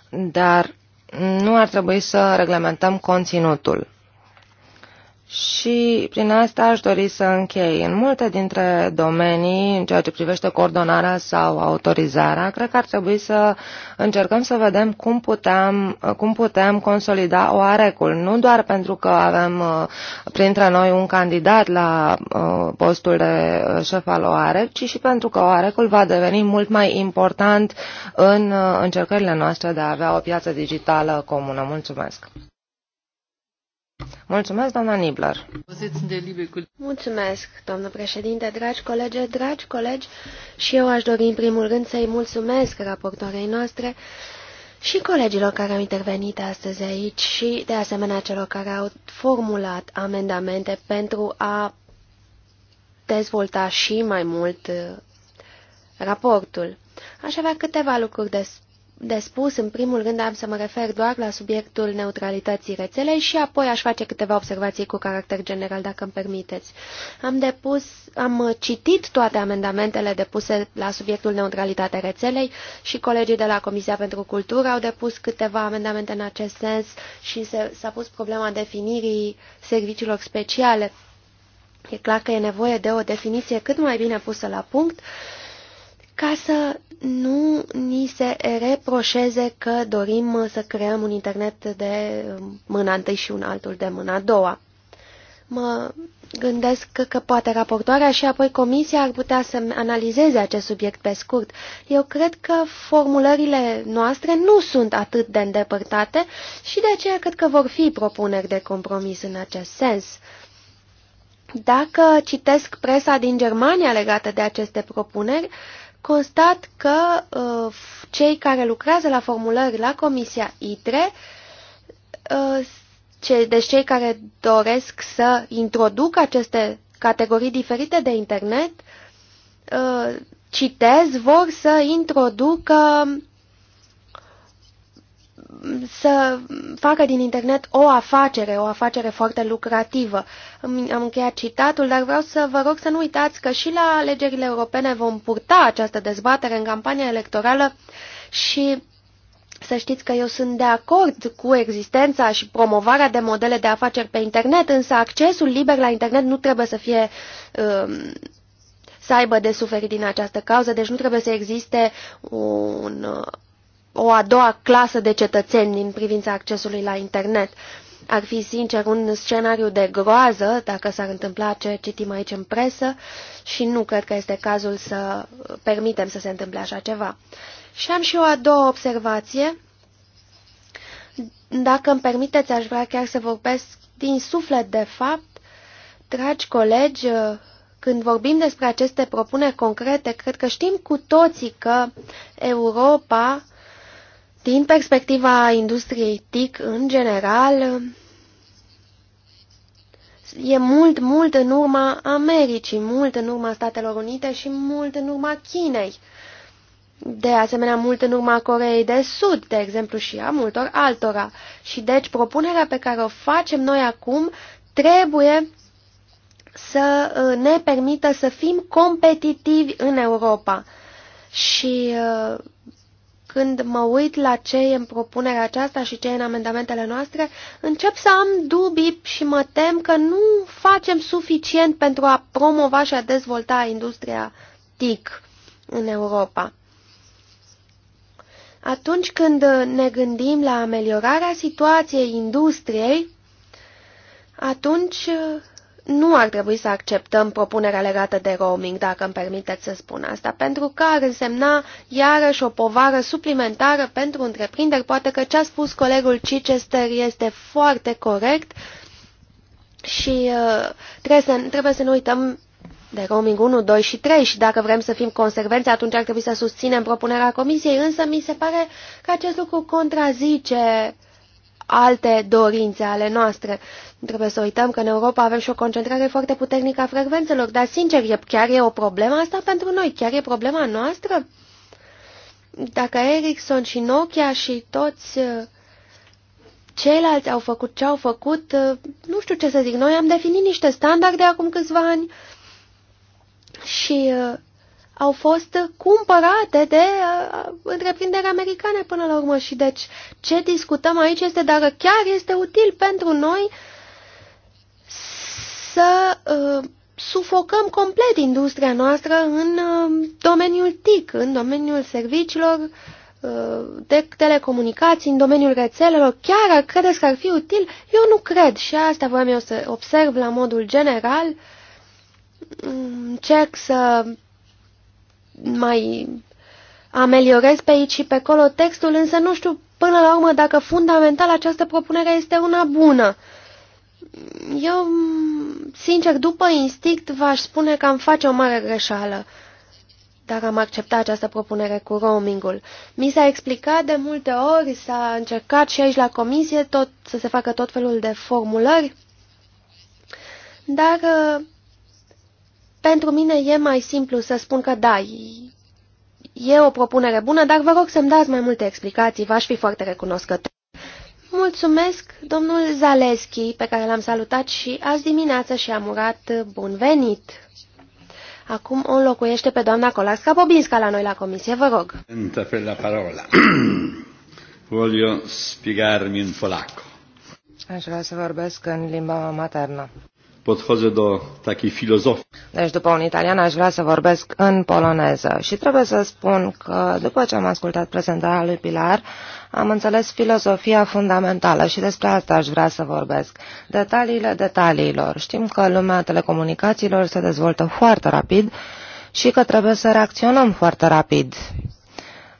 dar nu ar trebui să reglementăm conținutul. Și prin asta aș dori să închei. În multe dintre domenii, în ceea ce privește coordonarea sau autorizarea, cred că ar trebui să încercăm să vedem cum putem, cum putem consolida oarecul. Nu doar pentru că avem uh, printre noi un candidat la uh, postul de șef al OAREC, ci și pentru că oarecul va deveni mult mai important în uh, încercările noastre de a avea o piață digitală comună. Mulțumesc! Mulțumesc, doamna Nibler.
Mulțumesc, doamnă președinte, dragi colegi, dragi colegi, și eu aș dori în primul rând să-i mulțumesc raportoarei noastre și colegilor care au intervenit astăzi aici și, de asemenea, celor care au formulat amendamente pentru a dezvolta și mai mult uh, raportul. Aș avea câteva lucruri de de spus. În primul rând am să mă refer doar la subiectul neutralității rețelei și apoi aș face câteva observații cu caracter general, dacă îmi permiteți. Am, depus, am citit toate amendamentele depuse la subiectul neutralitatea rețelei și colegii de la Comisia pentru Cultură au depus câteva amendamente în acest sens și s-a pus problema definirii serviciilor speciale. E clar că e nevoie de o definiție cât mai bine pusă la punct ca să nu ni se reproșeze că dorim să creăm un internet de um, mâna întâi și un altul de mâna a doua. Mă gândesc că, că poate raportoarea și apoi comisia ar putea să analizeze acest subiect pe scurt. Eu cred că formulările noastre nu sunt atât de îndepărtate și de aceea cred că vor fi propuneri de compromis în acest sens. Dacă citesc presa din Germania legată de aceste propuneri, uh, constat că uh, cei care lucrează la formulări la Comisia ITRE, uh, ce, deci cei care doresc să introducă aceste categorii diferite de internet, uh, citez, vor să introducă uh, să facă din internet o afacere, o afacere foarte lucrativă. Am încheiat citatul, dar vreau să vă rog să nu uitați că și la alegerile europene vom purta această dezbatere în campania electorală și să știți că eu sunt de acord cu existența și promovarea de modele de afaceri pe internet, însă accesul liber la internet nu trebuie să fie um, să aibă de suferit din această cauză, deci nu trebuie să existe un o a doua clasă de cetățeni în privința accesului la internet. Ar fi, sincer, un scenariu de groază dacă s-ar întâmpla ce citim aici în presă și nu cred că este cazul să permitem să se întâmple așa ceva. Și am și o a doua observație. Dacă îmi permiteți, aș vrea chiar să vorbesc din suflet de fapt. Dragi colegi, când vorbim despre aceste propuneri concrete, cred că știm cu toții că Europa din perspectiva industriei TIC în general, e mult, mult în urma Americii, mult în urma Statelor Unite și mult în urma Chinei. De asemenea, mult în urma Coreei de Sud, de exemplu, și a multor altora. Și deci propunerea pe care o facem noi acum trebuie să uh, ne permită să fim competitivi în Europa. Și uh, când mă uit la ce e în propunerea aceasta și ce e în amendamentele noastre, încep să am dubii și mă tem că nu facem suficient pentru a promova și a dezvolta industria TIC în Europa. Atunci când ne gândim la ameliorarea situației industriei, atunci nu ar trebui să acceptăm propunerea legată de roaming, dacă îmi permiteți să spun asta, pentru că ar însemna iarăși o povară suplimentară pentru întreprinderi. Poate că ce a spus colegul Chichester este foarte corect și uh, trebuie, să, trebuie să nu uităm de roaming 1, 2 și 3 și dacă vrem să fim consecvenți, atunci ar trebui să susținem propunerea comisiei, însă mi se pare că acest lucru contrazice uh, alte dorințe ale noastre. Nu trebuie să uităm că în Europa avem și o concentrare foarte puternică a frecvențelor, dar sincer, e, chiar e o problemă asta pentru noi? Chiar e problema noastră? Dacă Ericsson și Nokia și toți uh, ceilalți au făcut ce au făcut, uh, nu știu ce să zic, noi am definit niște standarde acum câțiva ani și uh, au fost cumpărate de uh, întreprinderi americane până la urmă și deci ce discutăm aici este dacă chiar este util pentru noi să uh, sufocăm complet industria noastră în uh, domeniul TIC, în domeniul serviciilor uh, de telecomunicații, în domeniul rețelelor. Chiar credeți că ar fi util? Eu nu cred și asta voiam eu să observ la modul general. Mm, încerc să mai ameliorez pe aici și pe acolo textul, însă nu știu până la urmă dacă fundamental această propunere este una bună. Eu, sincer, după instinct v-aș spune că am face o mare greșeală dacă am acceptat această propunere cu roamingul. Mi s-a explicat de multe ori, s-a încercat și aici la comisie tot, să se facă tot felul de formulări, dar uh, pentru mine e mai simplu să spun că da, e o propunere bună, dar vă rog să-mi dați mai multe explicații, v-aș fi foarte recunoscător. Mulțumesc, domnul Zaleschi, pe care l-am salutat și azi dimineață și am urat bun venit. Acum o locuiește pe doamna Colasca Bobinska la noi la comisie,
vă rog.
Pe la parola. Voglio spiegarmi in polacco.
Aș vrea să vorbesc în limba maternă
podchodzę do takiej filozofii.
Deci după un italian aș vrea să vorbesc în poloneză și trebuie să spun că după ce am ascultat prezentarea lui Pilar, am înțeles filozofia fundamentală și despre asta aș vrea să vorbesc. Detaliile detaliilor. Știm că lumea telecomunicațiilor se dezvoltă foarte rapid și că trebuie să reacționăm foarte rapid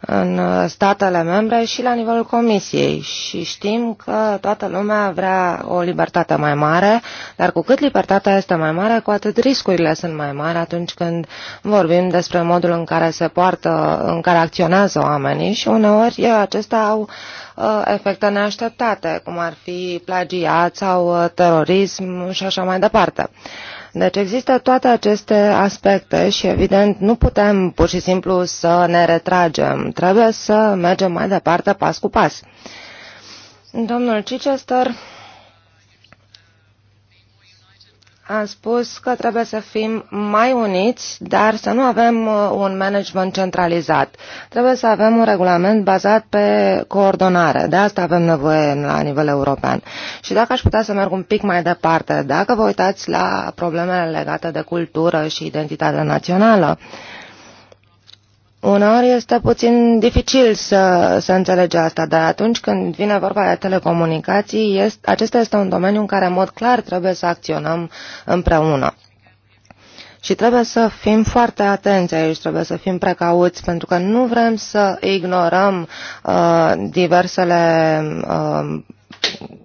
în uh, statele membre și la nivelul Comisiei și știm că toată lumea vrea o libertate mai mare, dar cu cât libertatea este mai mare, cu atât riscurile sunt mai mari atunci când vorbim despre modul în care se poartă, în care acționează oamenii și uneori acestea au uh, efecte neașteptate, cum ar fi plagiat sau uh, terorism și așa mai departe. Uh, deci există toate aceste aspecte și evident nu putem pur și simplu să ne retragem. Trebuie să mergem mai departe pas cu pas. Domnul Chichester am spus că trebuie să fim mai uniți, dar să nu avem uh, un management centralizat. Trebuie să avem un regulament bazat pe coordonare. De asta avem nevoie la nivel european. Și dacă aș putea să merg un pic mai departe, dacă vă uitați la problemele legate de cultură și identitate națională, uh, Uneori este puțin dificil să, să înțelege asta, dar atunci când vine vorba de telecomunicații, este, acesta este un domeniu în care, în mod clar, trebuie să acționăm împreună. Și trebuie să fim foarte atenți aici, trebuie să fim precauți, pentru că nu vrem să ignorăm uh, diversele uh,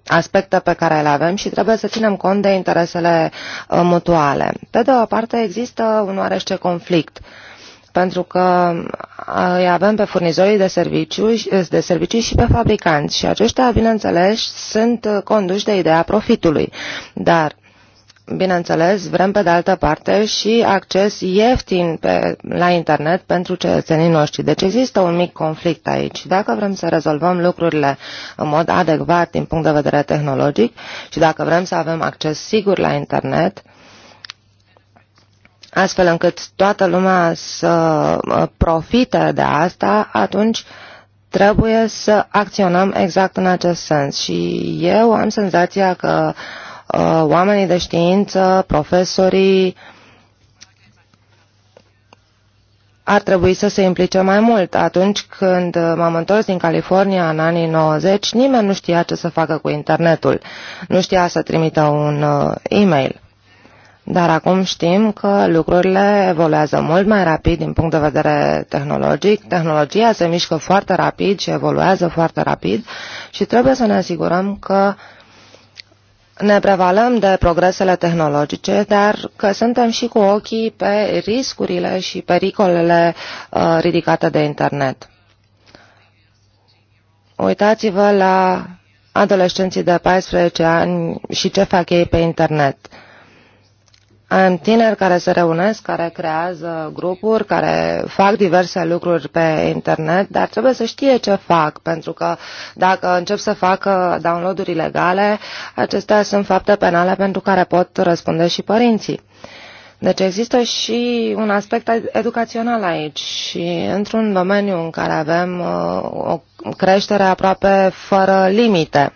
aspecte pe care le avem și trebuie să ținem cont de interesele uh, mutuale. Pe de o parte, există un oarește conflict. Uh, pentru că îi avem pe furnizorii de, serviciu, de servicii și pe fabricanți și aceștia, bineînțeles, sunt uh, conduși de ideea profitului. Dar bineînțeles, vrem pe de altă parte și acces ieftin pe, la internet pentru cetățenii noștri. Deci există un mic conflict aici. Dacă vrem să rezolvăm lucrurile în mod adecvat din punct de vedere tehnologic și dacă vrem să avem acces sigur la internet, astfel încât toată lumea să uh, profite de asta, atunci trebuie să acționăm exact în acest sens. Și eu am senzația că uh, oamenii de știință, profesorii, ar trebui să se implice mai mult. Atunci când uh, m-am întors din California în anii 90, nimeni nu știa ce să facă cu internetul. Nu știa să trimită un uh, e-mail. Dar acum știm că lucrurile evoluează mult mai rapid din punct de vedere tehnologic. Tehnologia se mișcă foarte rapid și evoluează foarte rapid și trebuie să ne asigurăm că ne prevalăm de progresele tehnologice, dar că suntem și cu ochii pe riscurile și pericolele uh, ridicate de internet. Uitați-vă la adolescenții de 14 ani și ce fac ei pe internet tineri care se reunesc, care creează grupuri, care fac diverse lucruri pe internet, dar trebuie să știe ce fac, pentru că dacă încep să facă downloaduri ilegale, acestea sunt fapte penale pentru care pot răspunde și părinții. Deci există și un aspect educațional aici și într-un domeniu în care avem uh, o creștere aproape fără limite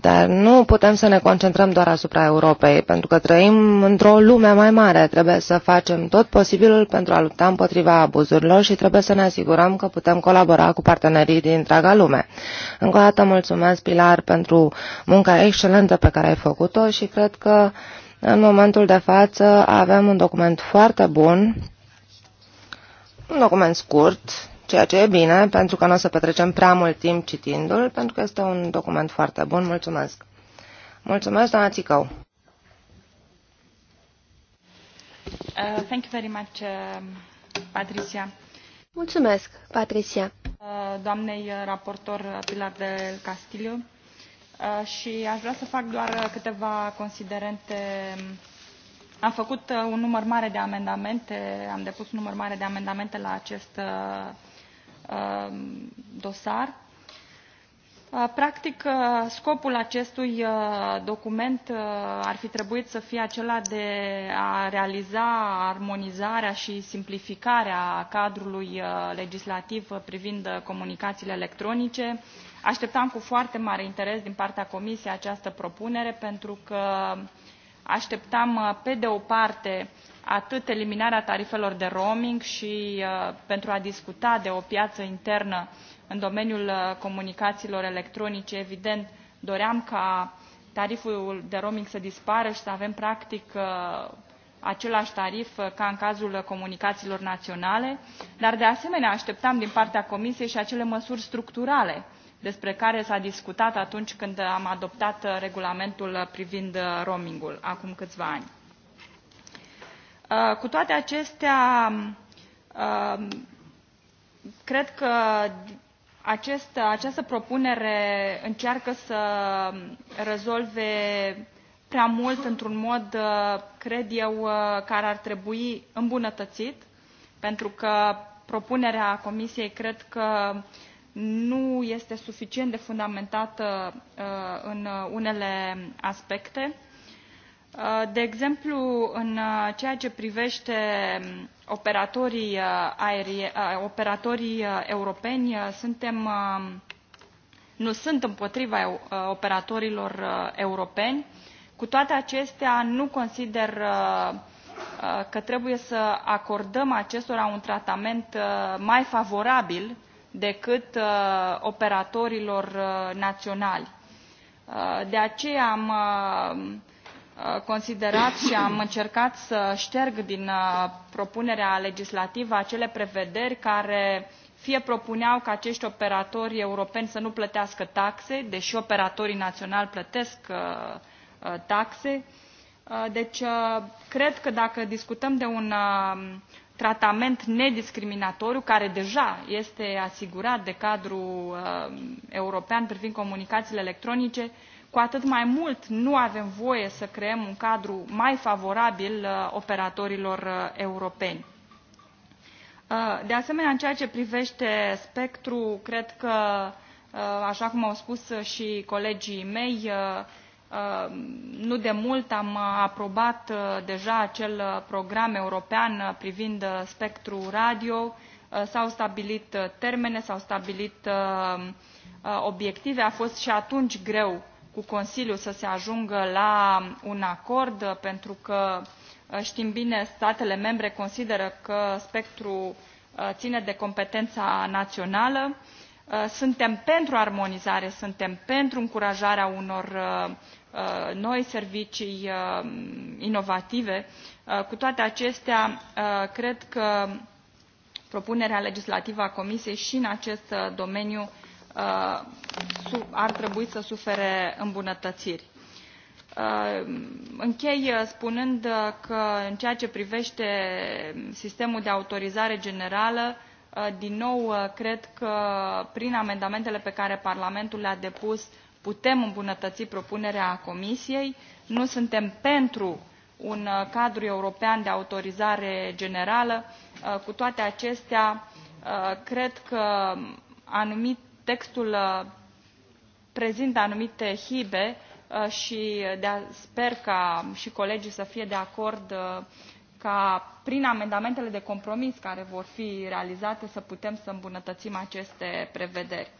dar nu putem să ne concentrăm doar asupra Europei, pentru că trăim într-o lume mai mare. Trebuie să facem tot posibilul pentru a lupta împotriva abuzurilor și trebuie să ne asigurăm că putem colabora cu partenerii din întreaga lume. Încă o dată mulțumesc, Pilar, pentru munca excelentă pe care ai făcut-o și cred că în momentul de față avem un document foarte bun, un document scurt, ceea ce e bine, pentru că nu o să petrecem prea mult timp citindu-l, pentru că este un document foarte bun. Mulțumesc! Mulțumesc, doamna Țicău!
Uh, thank you very much, uh, Patricia.
Mulțumesc, Patricia.
Uh, doamnei uh, raportor uh, Pilar del Castillo uh, și aș vrea să fac doar uh, câteva considerente am făcut un număr mare de amendamente, am depus un număr mare de amendamente la acest Um, dosar. Uh, practic, uh, scopul acestui uh, document ar fi trebuit să fie acela de a realiza armonizarea și simplificarea cadrului legislativ privind comunicațiile electronice. Așteptam cu foarte mare interes din partea Comisiei această propunere pentru că așteptam, pe de o parte, atât eliminarea tarifelor de roaming și uh, pentru a discuta de o piață internă în domeniul uh, comunicațiilor electronice, evident, doream ca tariful de roaming să dispară și să avem practic uh, același tarif ca în cazul comunicațiilor naționale, dar de asemenea așteptam din partea Comisiei și acele măsuri structurale despre care s-a discutat atunci când am adoptat regulamentul privind roamingul acum câțiva ani. Uh, cu toate acestea, um, cred că acest, această propunere încearcă să rezolve prea mult într-un mod, uh, cred eu, uh, care ar trebui îmbunătățit, pentru că propunerea Comisiei cred că nu este suficient de fundamentată în unele aspecte. Uh, de exemplu, în uh, ceea ce privește um, operatorii, uh, aerie, operatorii europeni, suntem, um, nu sunt împotriva operatorilor europeni. Cu toate acestea, nu consider că trebuie să acordăm acestora un tratament mai favorabil decât operatorilor naționali. De aceea am Uh, considerat și am încercat să șterg din uh, propunerea legislativă acele prevederi care fie propuneau ca acești operatori europeni să nu plătească taxe deși operatorii naționali plătesc uh, taxe deci cred că dacă discutăm de un tratament nediscriminatoriu care deja este asigurat de cadrul european privind comunicațiile electronice cu atât mai mult nu avem voie să creăm un cadru mai favorabil uh, operatorilor uh, europeni. Uh, de asemenea, în ceea ce privește spectru, cred că, așa cum au spus și colegii mei, nu de mult am aprobat deja acel program european privind spectru radio, s-au stabilit termene, s-au stabilit obiective, a fost și atunci greu cu Consiliul să se ajungă la un acord, pentru că ă, știm bine, statele membre consideră că spectrul ă, ține de competența națională. Ă, suntem pentru armonizare, suntem pentru încurajarea unor noi servicii inovative. Cu toate acestea, cred că propunerea legislativă a Comisiei și în acest domeniu Uh, ar trebui să sufere îmbunătățiri. Uh, închei uh, spunând că în ceea ce privește sistemul de autorizare generală, din nou cred că prin amendamentele pe care Parlamentul le-a depus putem îmbunătăți propunerea Comisiei. Nu suntem pentru un cadru european de autorizare generală. Cu toate acestea, cred că anumit textul uh, prezintă anumite hibe uh, și sper ca și colegii să fie de acord uh, ca prin amendamentele de compromis care vor fi realizate să putem să îmbunătățim aceste prevederi.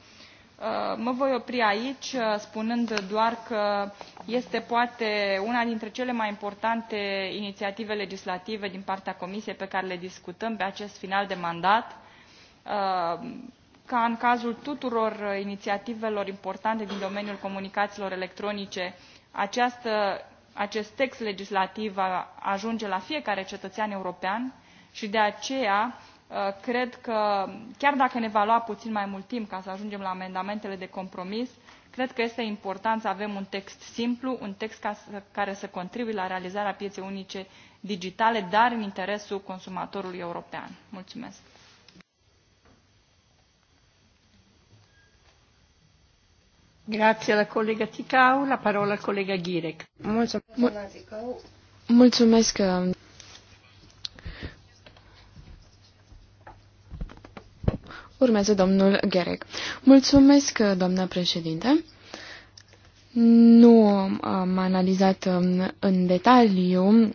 Mă voi opri aici spunând doar că este poate una dintre cele mai importante inițiative legislative din partea Comisiei pe care le discutăm pe acest final de mandat ca în cazul tuturor uh, inițiativelor importante din domeniul comunicațiilor electronice această, acest text legislativ va ajunge la fiecare cetățean european și de aceea uh, cred că chiar dacă ne va lua puțin mai mult timp ca să ajungem la amendamentele de compromis cred că este important să avem un text simplu un text care să contribuie la realizarea pieței unice digitale dar în interesul consumatorului european. mulțumesc.
la colega la parola colega
Mulțumesc, Mulțumesc uh, Urmează domnul Gerec. Mulțumesc, uh, doamna președinte. Nu am analizat um, în detaliu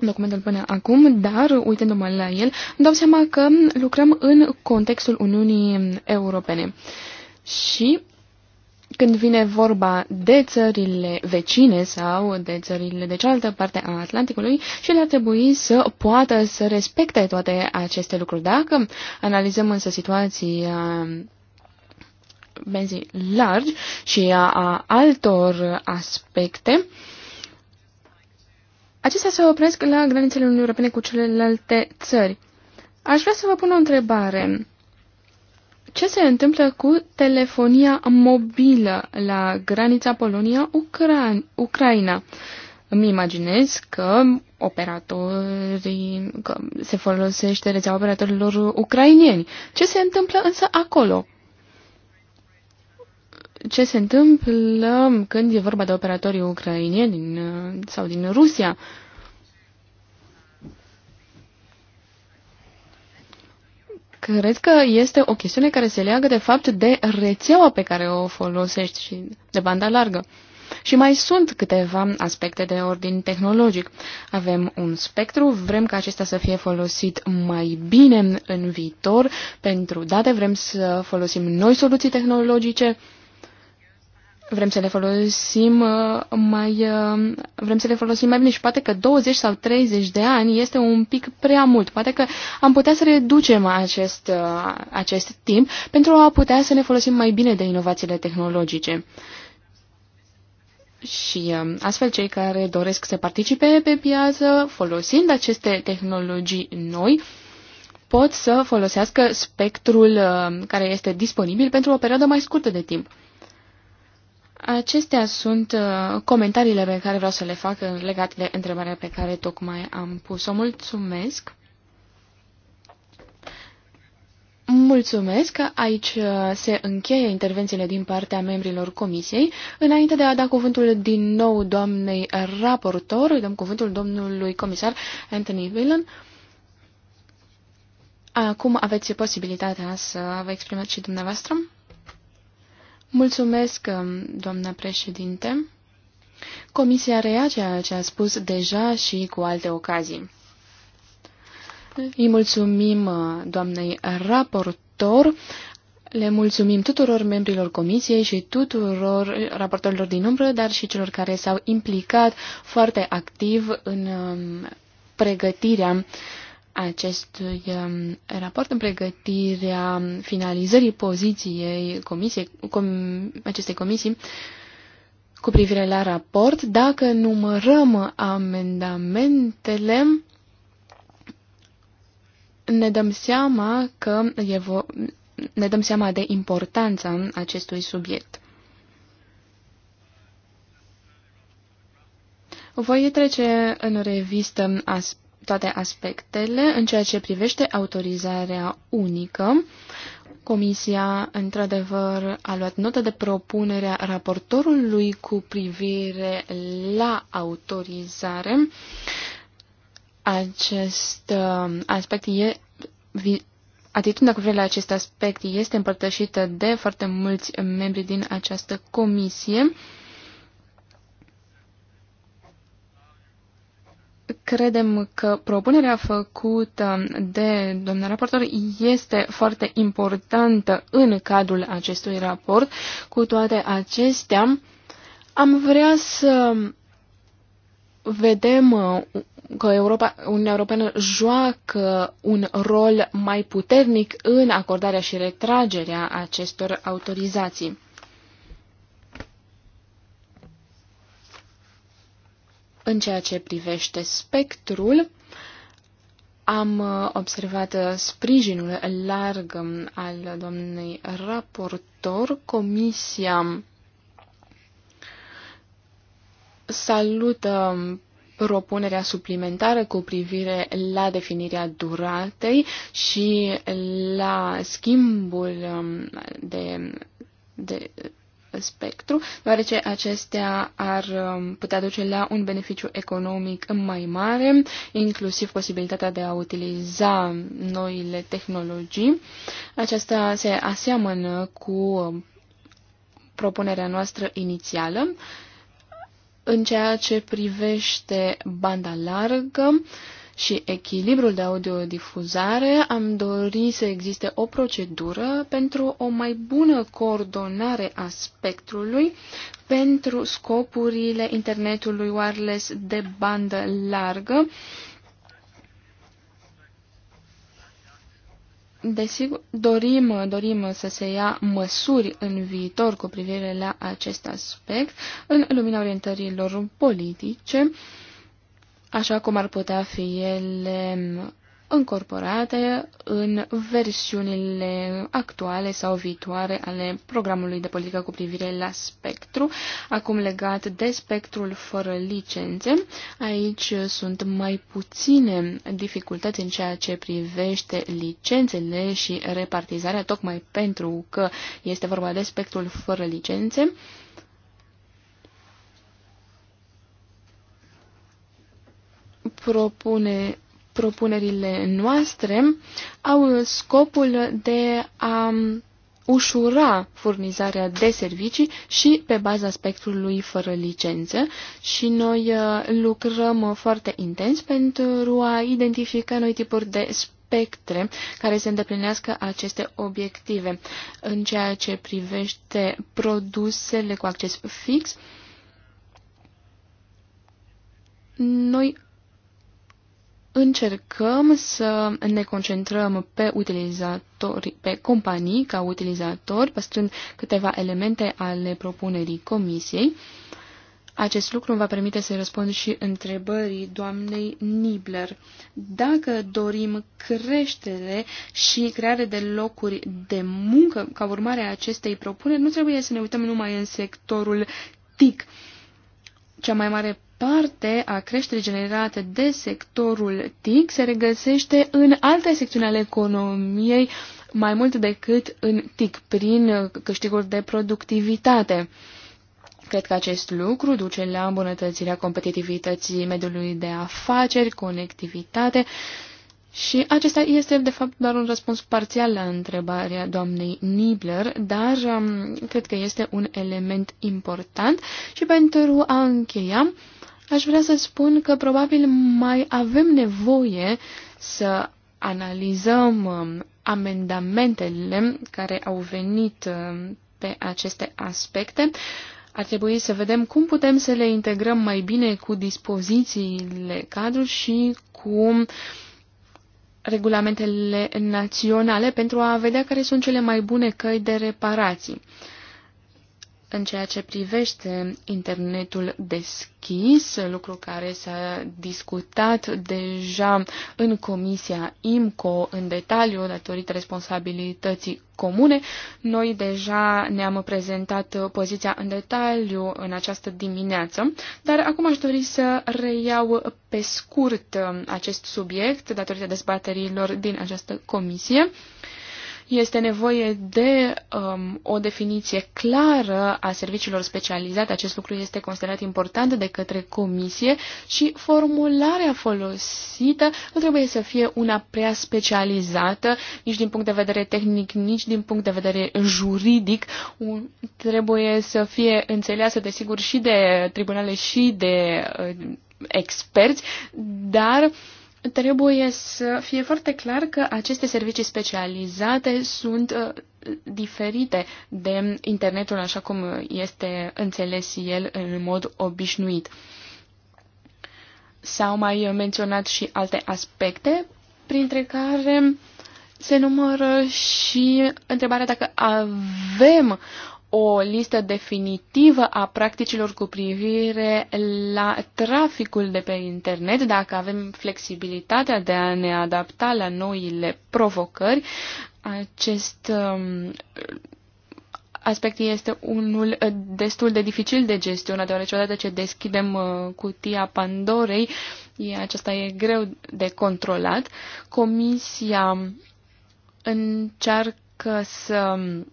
documentul până acum, dar uitându-mă la el, îmi dau seama că lucrăm în contextul Uniunii Europene. Și când vine vorba de țările vecine sau de țările de cealaltă parte a Atlanticului și le ar trebui să poată să respecte toate aceste lucruri. Dacă analizăm însă situația um, benzi largi și a, a altor aspecte, acestea se opresc la granițele Uniunii Europene cu celelalte țări. Aș vrea să vă pun o întrebare ce se întâmplă cu telefonia mobilă la granița Polonia-Ucraina? Îmi imaginez că operatorii, că se folosește rețeaua operatorilor ucrainieni. Ce se întâmplă însă acolo? Ce se întâmplă când e vorba de operatorii ucrainieni sau din Rusia? Uh, Cred că este o chestiune care se leagă de fapt de rețeaua pe care o folosești și de banda largă. Și mai sunt câteva aspecte de ordin tehnologic. Avem un spectru, vrem ca acesta să fie folosit mai bine în viitor pentru date, vrem să folosim noi soluții tehnologice, vrem să le folosim uh, mai uh, vrem să le folosim mai bine și poate că 20 sau 30 de ani este un pic prea mult. Poate că am putea să reducem acest, uh, acest timp pentru a putea să ne folosim mai bine de inovațiile tehnologice. Și um, astfel cei care doresc să participe pe piață folosind aceste tehnologii noi pot să folosească spectrul care este disponibil pentru o perioadă mai scurtă de timp. Acestea sunt uh, comentariile pe care vreau să le fac legate de întrebarea pe care tocmai am pus-o. Mulțumesc! Mulțumesc! Aici uh, se încheie intervențiile din partea membrilor comisiei. Înainte de a da cuvântul din nou doamnei raportor, îi dăm cuvântul domnului comisar Anthony Whelan. Acum aveți posibilitatea să vă exprimați și dumneavoastră. Mulțumesc, um, doamnă președinte. Comisia reia ceea ce a spus deja și cu alte ocazii. Îi mulțumim uh, doamnei raportor, le mulțumim tuturor membrilor comisiei și tuturor raportorilor din umbră, dar și celor care s-au implicat foarte activ în um, pregătirea uh, acestui um, raport în pregătirea finalizării poziției comisiei, com, acestei comisii cu privire la raport. Dacă numărăm amendamentele, ne dăm seama că vo ne dăm seama de importanța acestui subiect. Voi trece în revistă as toate aspectele. În ceea ce privește autorizarea unică, Comisia, într-adevăr, a luat notă de propunerea raportorului cu privire la autorizare. Acest uh, aspect e Atitudinea cu privire la acest aspect este împărtășită de foarte mulți membri din această comisie. Credem că propunerea făcută de domnul raportor este foarte importantă în cadrul acestui raport. Cu toate acestea, am vrea să vedem uh, că Europa, Uniunea Europeană joacă un rol mai puternic în acordarea și retragerea acestor autorizații. În ceea ce privește spectrul, am uh, observat uh, sprijinul larg um, al doamnei raportor. Comisia salută um, propunerea suplimentară cu privire la definirea duratei și la schimbul um, de, de spectru, deoarece acestea ar um, putea duce la un beneficiu economic mai mare, inclusiv posibilitatea de a utiliza noile tehnologii. Aceasta se aseamănă cu um, propunerea noastră inițială. În ceea ce privește banda largă, uh, și echilibrul de audiodifuzare, am dorit să existe o procedură pentru o mai bună coordonare a spectrului pentru scopurile internetului wireless de bandă largă. Desigur, dorim, dorim să se ia măsuri în viitor cu privire la acest aspect, în lumina orientărilor politice așa cum ar putea fi ele încorporate în versiunile actuale sau viitoare ale programului de politică cu privire la spectru, acum legat de spectrul fără licențe. Aici sunt mai puține dificultăți în ceea ce privește licențele și repartizarea, tocmai pentru că este vorba de spectrul fără licențe. propune, propunerile noastre au scopul de a ușura furnizarea de servicii și pe baza spectrului fără licență și noi uh, lucrăm foarte intens pentru a identifica noi tipuri de spectre care să îndeplinească aceste obiective. În ceea ce privește produsele cu acces fix, noi încercăm să ne concentrăm pe utilizatori, pe companii ca utilizatori, păstrând câteva elemente ale propunerii comisiei. Acest lucru îmi va permite să-i răspund și întrebării doamnei Nibler. Dacă dorim creștere și creare de locuri de muncă ca urmare a acestei propuneri, nu trebuie să ne uităm numai în sectorul TIC. Cea mai mare parte a creșterii generate de sectorul TIC se regăsește în alte secțiuni ale economiei, mai mult decât în TIC, prin câștiguri de productivitate. Cred că acest lucru duce la îmbunătățirea competitivității mediului de afaceri, conectivitate și acesta este, de fapt, doar un răspuns parțial la întrebarea doamnei Nibler, dar um, cred că este un element important. Și pentru a încheia, aș vrea să spun că probabil mai avem nevoie să analizăm um, amendamentele care au venit um, pe aceste aspecte. Ar trebui să vedem cum putem să le integrăm mai bine cu dispozițiile cadru și cu regulamentele naționale pentru a vedea care sunt cele mai bune căi de reparații în ceea ce privește internetul deschis, lucru care s-a discutat deja în Comisia IMCO în detaliu datorită responsabilității comune. Noi deja ne-am prezentat poziția în detaliu în această dimineață, dar acum aș dori să reiau pe scurt acest subiect datorită dezbaterilor din această comisie. Uh, este nevoie de um, o definiție clară a serviciilor specializate. Acest lucru este considerat important de către comisie și formularea folosită nu trebuie să fie una prea specializată, nici din punct de vedere tehnic, nici din punct de vedere juridic. Un, trebuie să fie înțeleasă, desigur, și de tribunale și de uh, experți, dar uh, trebuie să fie foarte clar că aceste servicii specializate sunt uh, diferite de internetul așa cum este înțeles el în mod obișnuit. S-au mai menționat și alte aspecte, printre care se numără și întrebarea dacă avem o listă definitivă a practicilor cu privire la traficul de pe internet, dacă avem flexibilitatea de a ne adapta la noile provocări, acest um, aspect este unul destul de dificil de gestionat, deoarece odată ce deschidem uh, cutia Pandorei, aceasta e greu de controlat. Comisia încearcă să um,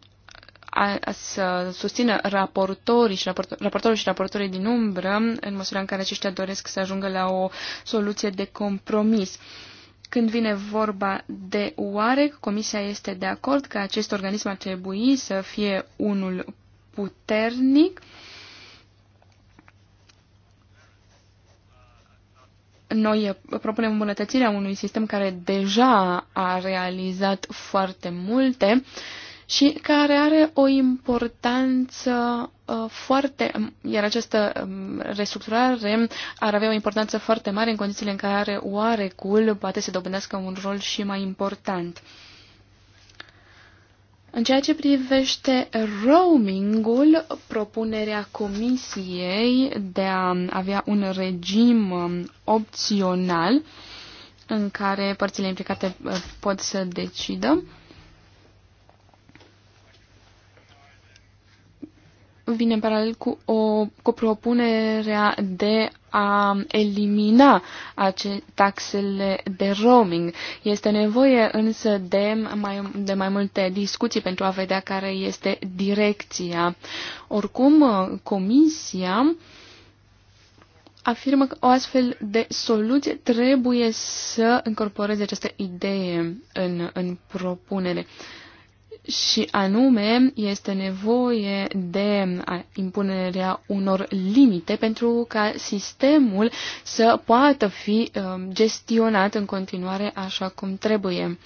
a, să susțină raportorii și raportor, raportorii și raportorii din umbră în măsura în care aceștia doresc să ajungă la o soluție de compromis. Când vine vorba de oare, Comisia este de acord că acest organism ar trebui să fie unul puternic, noi propunem îmbunătățirea unui sistem care deja a realizat foarte multe. Uh, și care are o importanță uh, foarte, um, iar această um, restructurare ar avea o importanță foarte mare în condițiile în care oarecul poate să dobândească un rol și mai important. În ceea ce privește roamingul, propunerea comisiei de a avea un regim um, opțional în care părțile implicate uh, pot să decidă, vine în paralel cu o, cu propunere de a elimina ace, taxele de roaming. Este nevoie însă de mai, de mai multe discuții pentru a vedea care este direcția. Oricum, Comisia afirmă că o astfel de soluție trebuie să incorporeze această idee în, în propunere. Uh, și anume este nevoie de impunerea unor limite pentru ca sistemul să poată fi um, gestionat în continuare așa cum trebuie.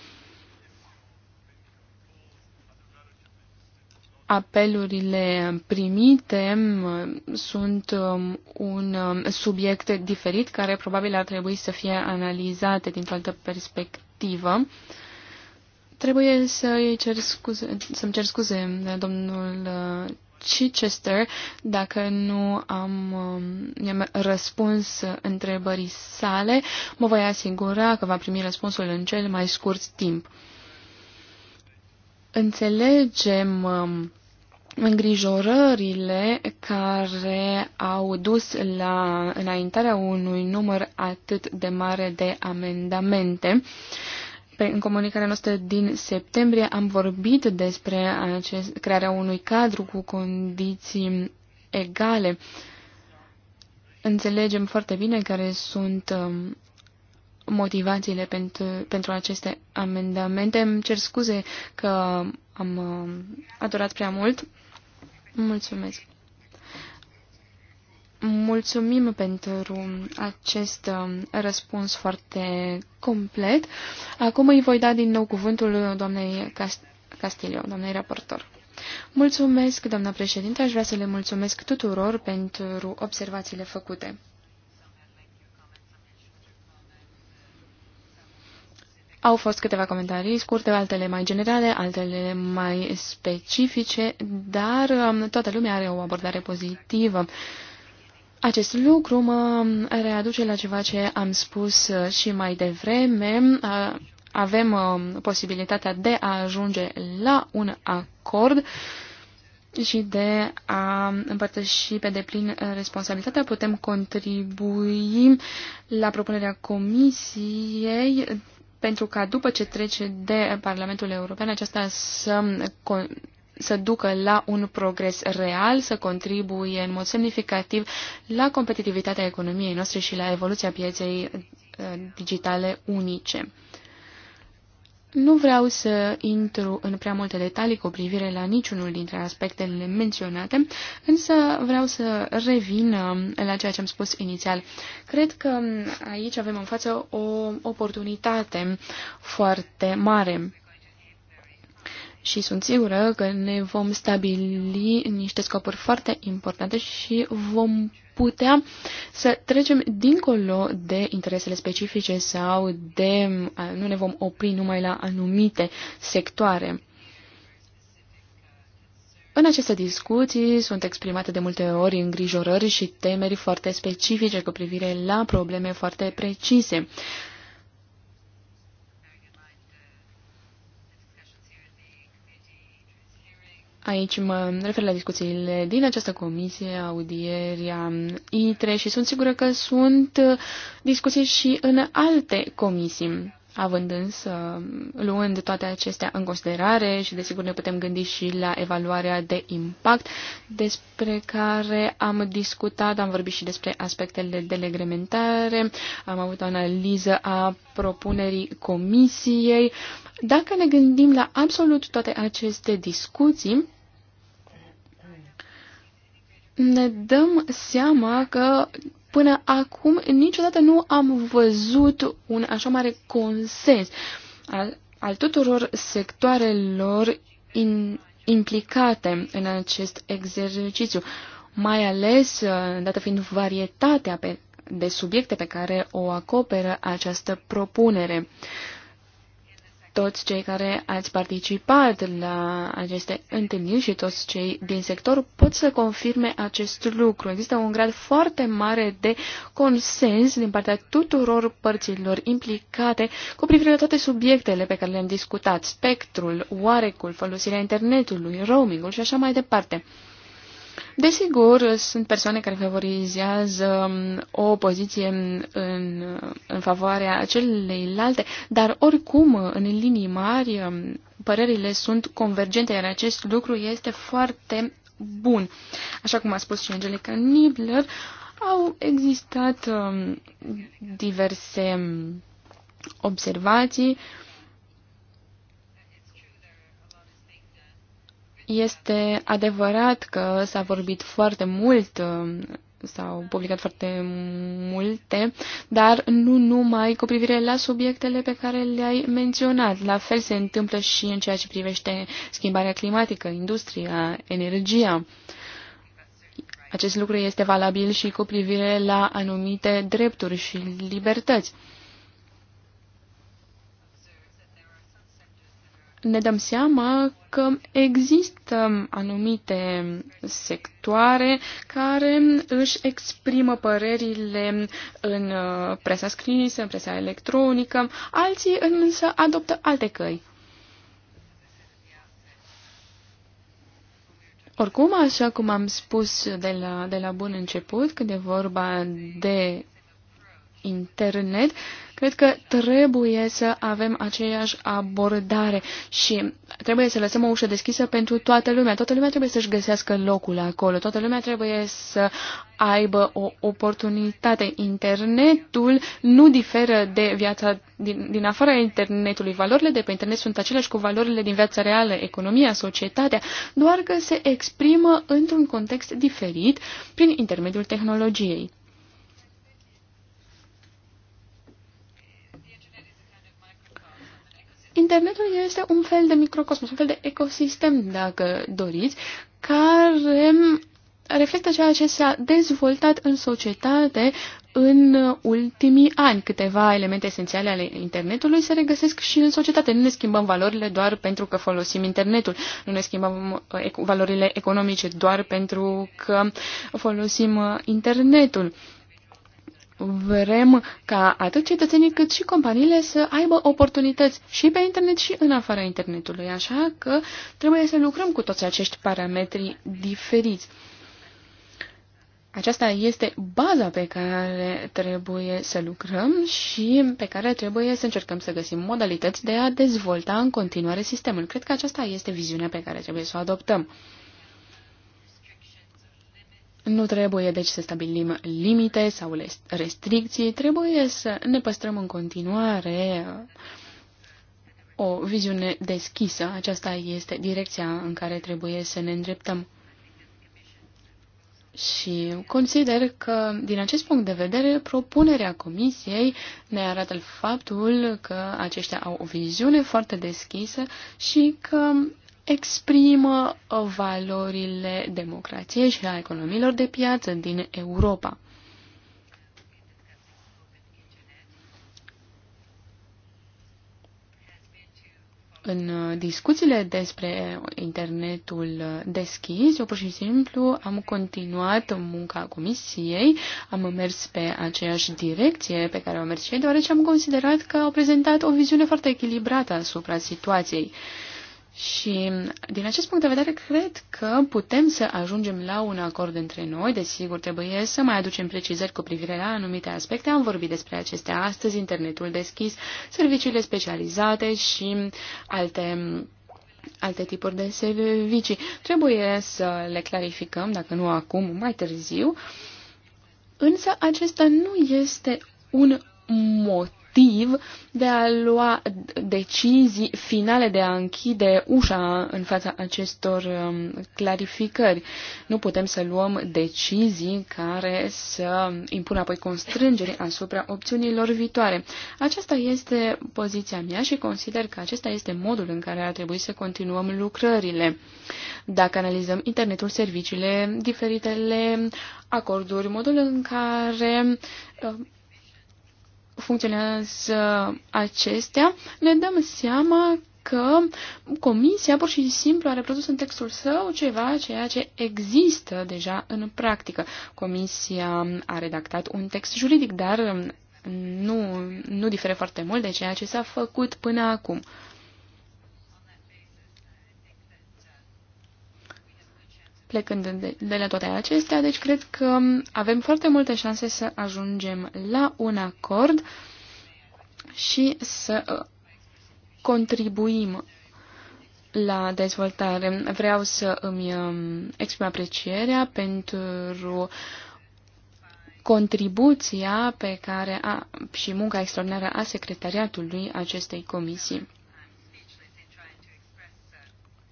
apelurile primite um, sunt um, un subiect diferit care probabil ar trebui să fie analizate dintr-o altă perspectivă. Trebuie să-i cer scuze, să-mi cer scuze domnul uh, Chichester dacă nu am, um, am răspuns întrebării sale. Mă voi asigura că va primi răspunsul în cel mai scurt timp. Înțelegem um, îngrijorările care au dus la înaintarea unui număr atât de mare de amendamente în comunicarea noastră din septembrie am vorbit despre acest, crearea unui cadru cu condiții egale. Înțelegem foarte bine care sunt um, motivațiile pentru, pentru aceste amendamente. Îmi cer scuze că am um, adorat prea mult. Mulțumesc. Mulțumim pentru acest um, răspuns foarte complet. Acum îi voi da din nou cuvântul doamnei Castilio, doamnei raportor. Mulțumesc, doamna președinte, aș vrea să le mulțumesc tuturor pentru observațiile făcute. Au fost câteva comentarii scurte, altele mai generale, altele mai specifice, dar um, toată lumea are o abordare pozitivă acest lucru mă readuce la ceva ce am spus uh, și mai devreme. Uh, avem uh, posibilitatea de a ajunge la un acord și de a împărtăși pe deplin responsabilitatea. Putem contribui la propunerea Comisiei pentru ca după ce trece de Parlamentul European aceasta să să ducă la un progres real, să contribuie în mod semnificativ la competitivitatea economiei noastre și la evoluția pieței uh, digitale unice. Nu vreau să intru în prea multe detalii cu privire la niciunul dintre aspectele menționate, însă vreau să revin um, la ceea ce am spus inițial. Cred că um, aici avem în față o oportunitate foarte mare și sunt sigură că ne vom stabili niște scopuri foarte importante și vom putea să trecem dincolo de interesele specifice sau de nu ne vom opri numai la anumite sectoare. În aceste discuții sunt exprimate de multe ori îngrijorări și temeri foarte specifice cu privire la probleme foarte precise. Aici mă refer la discuțiile din această comisie, audieria ITRE și sunt sigură că sunt discuții și în alte comisii. Având însă, luând toate acestea în considerare și desigur ne putem gândi și la evaluarea de impact despre care am discutat, am vorbit și despre aspectele de am avut o analiză a propunerii comisiei. Dacă ne gândim la absolut toate aceste discuții, ne dăm seama că Până acum niciodată nu am văzut un așa mare consens al, al tuturor sectoarelor in, implicate în acest exercițiu, mai ales uh, dată fiind varietatea pe, de subiecte pe care o acoperă această propunere. Uh, toți cei care ați participat la aceste întâlniri și toți cei din sector pot să confirme acest lucru. Există un grad foarte mare de consens din partea tuturor părților implicate cu privire la toate subiectele pe care le-am discutat, spectrul, oarecul, folosirea internetului, roamingul și așa mai departe. Desigur, sunt persoane care favorizează um, o poziție în, în favoarea celeilalte, dar oricum, în linii mari, um, părerile sunt convergente, iar acest lucru este foarte bun. Așa cum a spus și Angelica Nibler, au existat um, diverse observații Este adevărat că s-a vorbit foarte mult uh, s-au publicat foarte multe, dar nu numai cu privire la subiectele pe care le-ai menționat. La fel se întâmplă și în ceea ce privește schimbarea climatică, industria, energia. Acest lucru este valabil și cu privire la anumite drepturi și libertăți. ne dăm seama că există anumite sectoare care își exprimă părerile în uh, presa scrisă, în presa electronică, alții însă adoptă alte căi. Oricum, așa cum am spus de la, de la bun început, când e vorba de internet, Cred că trebuie să avem aceeași abordare și trebuie să lăsăm o ușă deschisă pentru toată lumea. Toată lumea trebuie să-și găsească locul acolo. Toată lumea trebuie să aibă o oportunitate. Internetul nu diferă de viața din, din afara internetului. Valorile de pe internet sunt aceleași cu valorile din viața reală, economia, societatea, doar că se exprimă într-un context diferit prin intermediul tehnologiei. Internetul este un fel de microcosmos, un fel de ecosistem, dacă doriți, care reflectă ceea ce s-a dezvoltat în societate în ultimii ani. Câteva elemente esențiale ale internetului se regăsesc și în societate. Nu ne schimbăm valorile doar pentru că folosim internetul. Nu ne schimbăm uh, valorile economice doar pentru că folosim uh, internetul. Vrem ca atât cetățenii cât și companiile să aibă oportunități și pe internet și în afara internetului, așa că trebuie să lucrăm cu toți acești parametri diferiți. Aceasta este baza pe care trebuie să lucrăm și pe care trebuie să încercăm să găsim modalități de a dezvolta în continuare sistemul. Cred că aceasta este viziunea pe care trebuie să o adoptăm. Nu trebuie deci să stabilim limite sau restricții, trebuie să ne păstrăm în continuare uh, o viziune deschisă. Aceasta este direcția în care trebuie să ne îndreptăm. Și consider că, din acest punct de vedere, propunerea comisiei ne arată faptul că aceștia au o viziune foarte deschisă și că exprimă valorile democrației și a economiilor de piață din Europa. În discuțiile despre internetul deschis, eu pur și simplu am continuat munca comisiei, am mers pe aceeași direcție pe care au mers ei, deoarece am considerat că au prezentat o viziune foarte echilibrată asupra situației. Și din acest punct de vedere, cred că putem să ajungem la un acord între noi. Desigur, trebuie să mai aducem precizări cu privire la anumite aspecte. Am vorbit despre acestea astăzi, internetul deschis, serviciile specializate și alte alte tipuri de servicii. Trebuie să le clarificăm, dacă nu acum, mai târziu. Însă acesta nu este un motiv activ de a lua decizii finale de a închide ușa în fața acestor um, clarificări. Nu putem să luăm decizii care să impună apoi constrângeri asupra opțiunilor viitoare. Aceasta este poziția mea și consider că acesta este modul în care ar trebui să continuăm lucrările. Dacă analizăm internetul, serviciile, diferitele acorduri, modul în care um, funcționează acestea, ne dăm seama că comisia pur și simplu a reprodus în textul său ceva ceea ce există deja în practică. Comisia a redactat un text juridic, dar nu, nu difere foarte mult de ceea ce s-a făcut până acum. Plecând de la toate acestea, deci cred că avem foarte multe șanse să ajungem la un acord și să uh, contribuim la dezvoltare. Vreau să îmi um, exprim aprecierea pentru contribuția pe care a, și munca extraordinară a secretariatului acestei comisii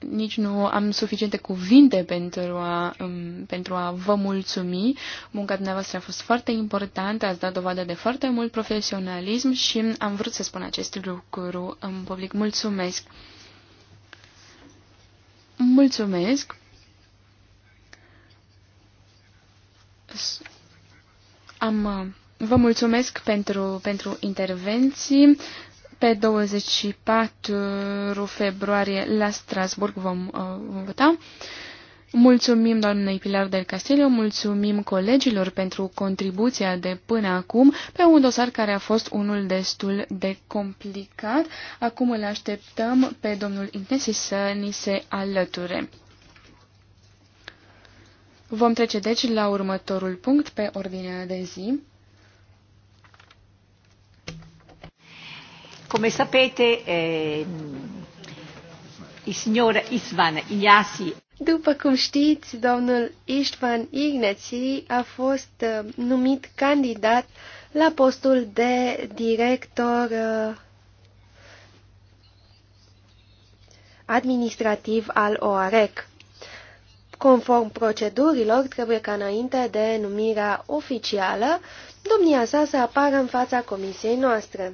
nici nu am suficiente cuvinte pentru a, um, pentru a vă mulțumi. Munca dumneavoastră a fost foarte importantă, ați dat dovadă de foarte mult profesionalism și am vrut să spun acest lucru în public. Mulțumesc! Mulțumesc! Am, uh, vă mulțumesc pentru, pentru intervenții. Pe 24 februarie la Strasburg vom, uh, vom vota. Mulțumim doamnei Pilar del Castillo, mulțumim colegilor pentru contribuția de până acum pe un dosar care a fost unul destul de complicat. Acum îl așteptăm pe domnul Intesi să ni se alăture. Vom trece deci la următorul punct pe ordinea de zi.
Come sapete, eh, il signor Isvan Ignasi.
După cum știți, domnul Istvan Ignaci a fost uh, numit candidat la postul de director uh, administrativ al OAREC. Conform procedurilor, trebuie ca înainte de numirea oficială, domnia sa să apară în fața comisiei noastre.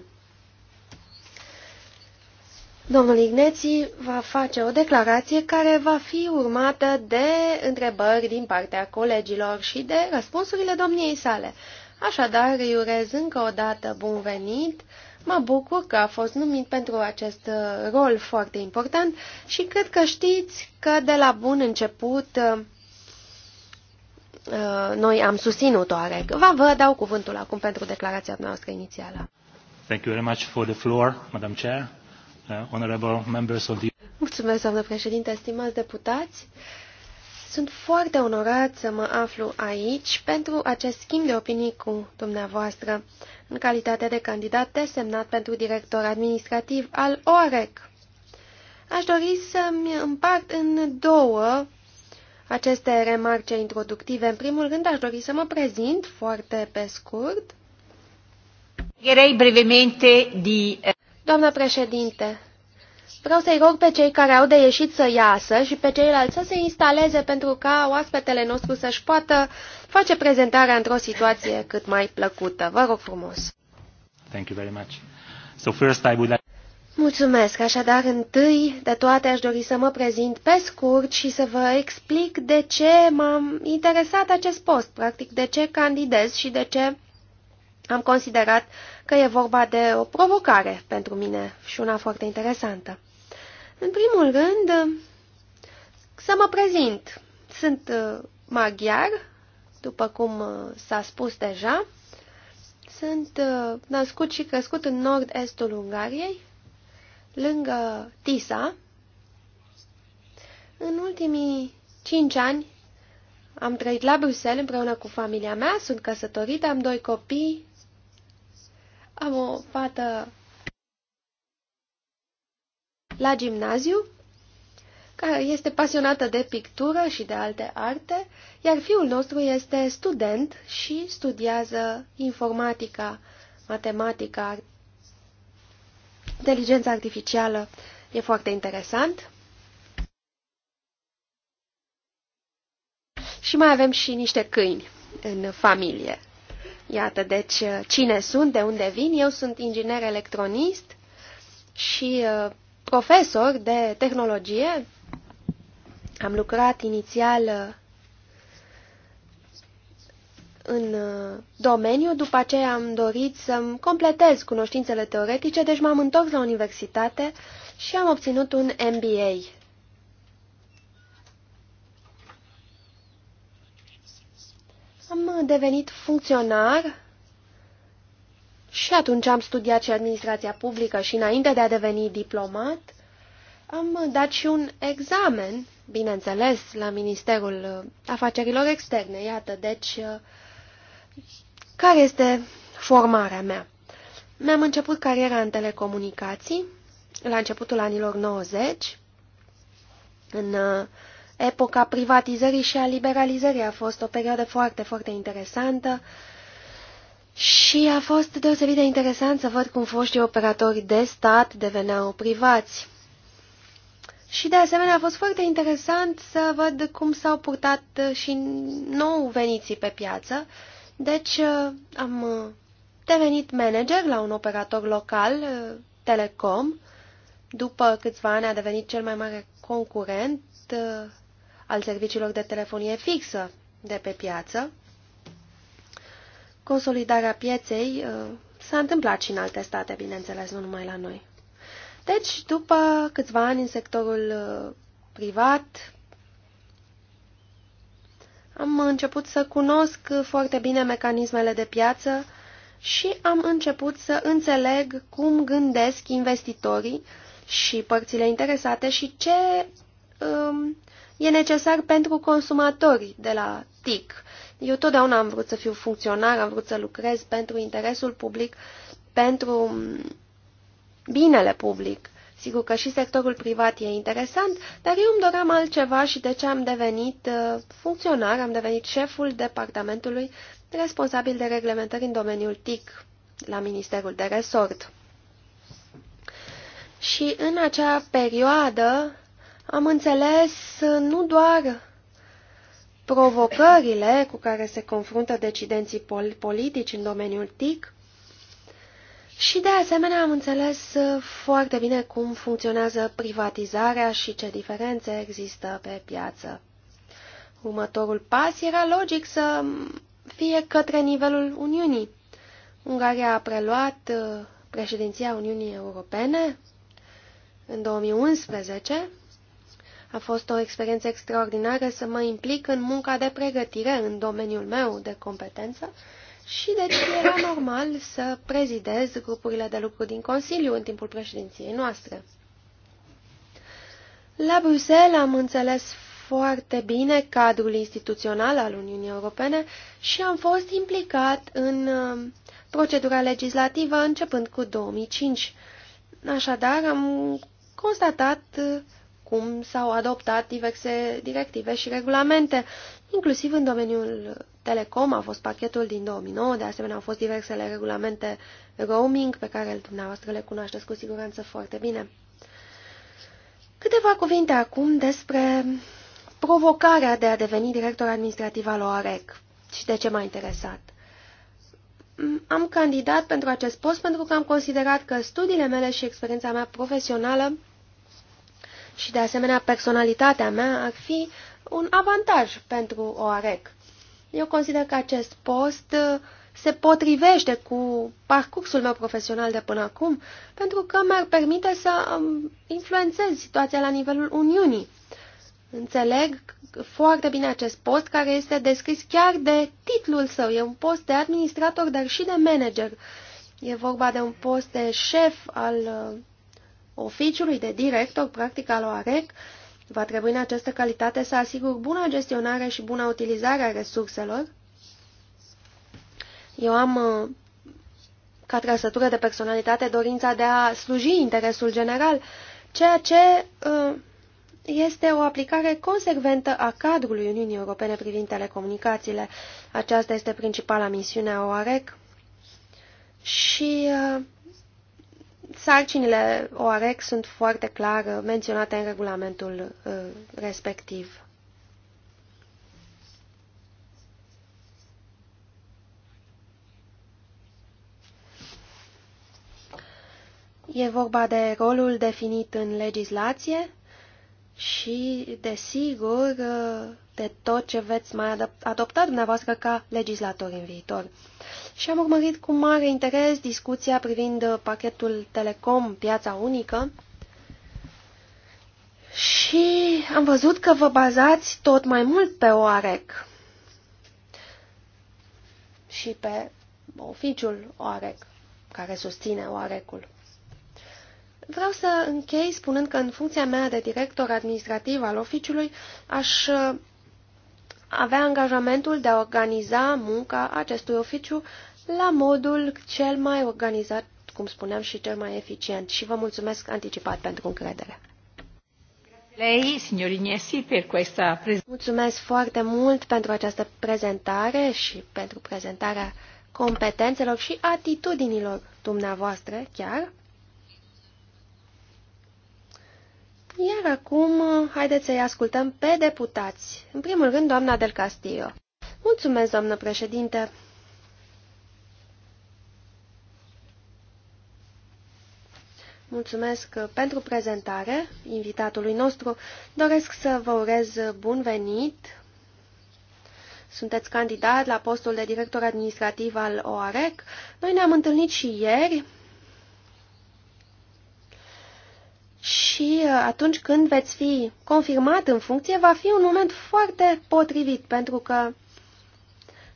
Domnul Igneții va face o declarație care va fi urmată de întrebări din partea colegilor și de răspunsurile domniei sale. Așadar, îi urez încă o dată bun venit. Mă bucur că a fost numit pentru acest uh, rol foarte important și cred că știți că de la bun început uh, uh, noi am susținut areg. Vă, vă dau cuvântul acum pentru declarația noastră inițială.
Thank
you very much for the floor, Madam Chair. Uh,
Mulțumesc, doamnă președinte, stimați deputați. Sunt foarte onorat să mă aflu aici pentru acest schimb de opinii cu dumneavoastră, în calitate de candidat desemnat pentru director administrativ al OREC. Aș dori să-mi împart în două aceste remarce introductive. În primul rând, aș dori să mă prezint foarte pe scurt. Direi
brevemente di... Doamnă
președinte, vreau să-i rog pe cei care au de ieșit să iasă și pe ceilalți să se instaleze pentru ca oaspetele nostru să-și poată face prezentarea într-o situație cât mai plăcută. Vă rog frumos!
Thank you very much. So first I would like...
Mulțumesc! Așadar, întâi de toate aș dori să mă prezint pe scurt și să vă explic de ce m-am interesat acest post, practic de ce candidez și de ce am considerat că e vorba de o provocare pentru mine și una foarte interesantă. În primul rând, să mă prezint. Sunt uh, maghiar, după cum uh, s-a spus deja. Sunt uh, născut și crescut în nord-estul Ungariei, lângă Tisa. În ultimii cinci ani am trăit la Bruxelles împreună cu familia mea, sunt căsătorită, am doi copii am o fată la gimnaziu, care este pasionată de pictură și de alte arte, iar fiul nostru este student și studiază informatica, matematica, inteligența artificială. E foarte interesant. Și mai avem și niște câini în familie. Iată, deci, uh, cine sunt, de unde vin. Eu sunt inginer electronist și uh, profesor de tehnologie. Am lucrat inițial uh, în domeniu, după aceea am dorit să-mi completez cunoștințele teoretice, deci m-am întors la universitate și am obținut un MBA Am devenit funcționar și atunci am studiat și administrația publică și înainte de a deveni diplomat, am dat și un examen, bineînțeles, la Ministerul Afacerilor Externe. Iată, deci, care este formarea mea? Mi-am început cariera în telecomunicații la începutul anilor 90, în epoca privatizării și a liberalizării a fost o perioadă foarte, foarte interesantă și a fost deosebit de interesant să văd cum foștii operatori de stat deveneau privați. Și de asemenea a fost foarte interesant să văd cum s-au purtat și nou veniții pe piață. Deci uh, am uh, devenit manager la un operator local, uh, Telecom. După câțiva ani a devenit cel mai mare concurent al serviciilor de telefonie fixă de pe piață. Consolidarea pieței uh, s-a întâmplat și în alte state, bineînțeles, nu numai la noi. Deci, după câțiva ani în sectorul uh, privat, am început să cunosc foarte bine mecanismele de piață și am început să înțeleg cum gândesc investitorii și părțile interesate și ce um, e necesar pentru consumatori de la TIC. Eu totdeauna am vrut să fiu funcționar, am vrut să lucrez pentru interesul public, pentru binele public. Sigur că și sectorul privat e interesant, dar eu îmi doream altceva și de ce am devenit uh, funcționar, am devenit șeful departamentului responsabil de reglementări în domeniul TIC la Ministerul de Resort. Și în acea perioadă am înțeles uh, nu doar provocările cu care se confruntă decidenții pol politici în domeniul TIC, și de asemenea am înțeles uh, foarte bine cum funcționează privatizarea și ce diferențe există pe piață. Următorul pas era logic să fie către nivelul Uniunii. Ungaria a preluat uh, președinția Uniunii Europene în 2011 a fost o experiență extraordinară să mă implic în munca de pregătire în domeniul meu de competență și deci era normal să prezidez grupurile de lucru din Consiliu în timpul președinției noastre. La Bruxelles am înțeles foarte bine cadrul instituțional al Uniunii Europene și am fost implicat în uh, procedura legislativă începând cu 2005. Așadar, am constatat uh, cum s-au adoptat diverse directive și regulamente, inclusiv în domeniul telecom a fost pachetul din 2009, de asemenea au fost diversele regulamente roaming pe care dumneavoastră le cunoașteți cu siguranță foarte bine. Câteva cuvinte acum despre provocarea de a deveni director administrativ al OAREC și de ce m-a interesat. Am candidat pentru acest post pentru că am considerat că studiile mele și experiența mea profesională și de asemenea personalitatea mea ar fi un avantaj pentru OAREC. Eu consider că acest post uh, se potrivește cu parcursul meu profesional de până acum, pentru că mi-ar permite să um, influențez situația la nivelul Uniunii. Înțeleg foarte bine acest post care este descris chiar de titlul său. E un post de administrator, dar și de manager. E vorba de un post de șef al uh, oficiului de director, practic al OAREC, va trebui în această calitate să asigur bună gestionare și bună utilizare a resurselor. Eu am, uh, ca trăsătură de personalitate, dorința de a sluji interesul general, ceea ce uh, este o aplicare consecventă a cadrului Uniunii Europene privind telecomunicațiile. Aceasta este principala misiune a OAREC și uh, sarcinile OREC sunt foarte clar menționate în regulamentul uh, respectiv. E vorba de rolul definit în legislație și, desigur, uh, de tot ce veți mai adopta dumneavoastră ca legislator în viitor. Și am urmărit cu mare interes discuția privind pachetul Telecom, piața unică, și am văzut că vă bazați tot mai mult pe OAREC și pe oficiul OAREC, care susține OAREC-ul. Vreau să închei spunând că în funcția mea de director administrativ al oficiului aș avea angajamentul de a organiza munca acestui oficiu la modul cel mai organizat, cum spuneam, și cel mai eficient. Și vă mulțumesc anticipat pentru încredere. Lei,
per questa
Mulțumesc foarte mult pentru această prezentare și pentru prezentarea competențelor și atitudinilor dumneavoastră chiar. Iar acum, haideți să-i ascultăm pe deputați. În primul rând, doamna Del Castillo. Mulțumesc, doamnă președinte. Mulțumesc pentru prezentare invitatului nostru. Doresc să vă urez bun venit. Sunteți candidat la postul de director administrativ al OAREC. Noi ne-am întâlnit și ieri și uh, atunci când veți fi confirmat în funcție, va fi un moment foarte potrivit, pentru că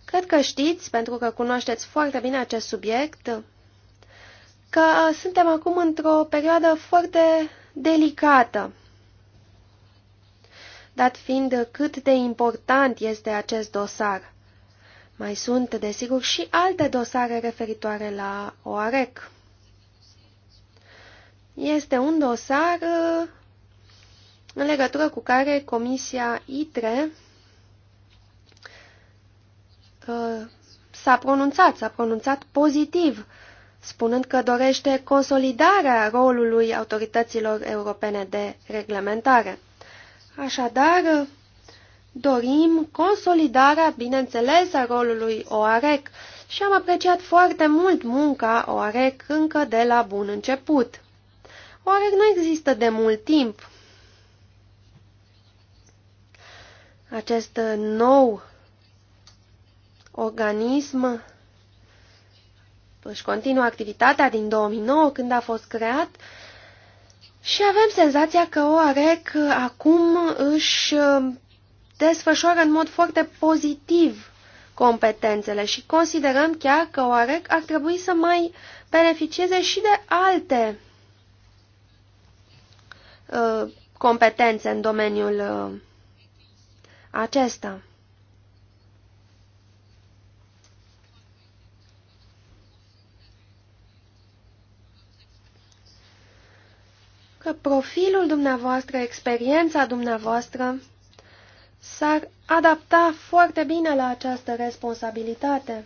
cred că știți, pentru că cunoașteți foarte bine acest subiect, că uh, suntem acum într-o perioadă foarte delicată, dat fiind cât de important este acest dosar. Mai sunt, desigur, și alte dosare referitoare la OAREC. Este un dosar uh, în legătură cu care Comisia ITRE uh, s-a pronunțat, s-a pronunțat pozitiv, spunând că dorește consolidarea rolului autorităților europene de reglementare. Așadar, uh, dorim consolidarea, bineînțeles, a rolului OAREC și am apreciat foarte mult munca OAREC încă de la bun început. Oare nu există de mult timp acest nou organism își continuă activitatea din 2009 când a fost creat și avem senzația că OAREC acum își desfășoară în mod foarte pozitiv competențele și considerăm chiar că OAREC ar trebui să mai beneficieze și de alte Uh, competențe în domeniul uh, acesta. Că profilul dumneavoastră, experiența dumneavoastră s-ar adapta foarte bine la această responsabilitate.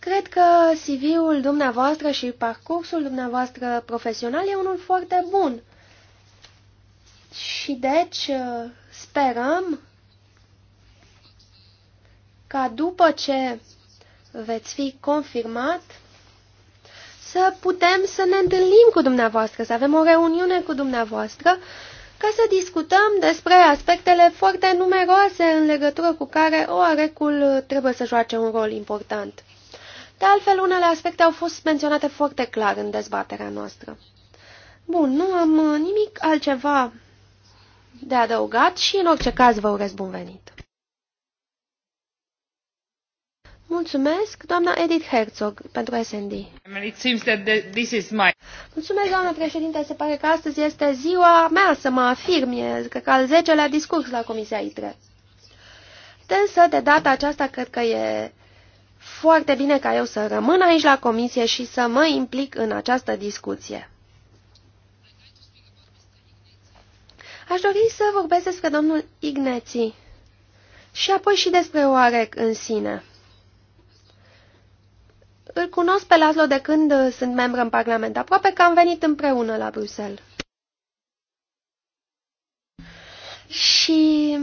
Cred că CV-ul dumneavoastră și parcursul dumneavoastră profesional e unul foarte bun. Și deci uh, sperăm ca după ce veți fi confirmat să putem să ne întâlnim cu dumneavoastră, să avem o reuniune cu dumneavoastră ca să discutăm despre aspectele foarte numeroase în legătură cu care OAREC-ul trebuie să joace un rol important. De altfel, unele aspecte au fost menționate foarte clar în dezbaterea noastră. Bun, nu am uh, nimic altceva de adăugat și în orice caz vă urez bun venit. Mulțumesc, doamna Edith Herzog, pentru SND. Mulțumesc, doamna președinte, se pare că astăzi este ziua mea să mă afirm, e, că al 10-lea discurs la Comisia ITRE. Însă, de data aceasta, cred că e foarte bine ca eu să rămân aici la comisie și să mă implic în această discuție. Aș dori să vorbesc despre domnul Igneții și apoi și despre Oarec în sine. Îl cunosc pe Laszlo de când sunt membru în Parlament, aproape că am venit împreună la Bruxelles. Și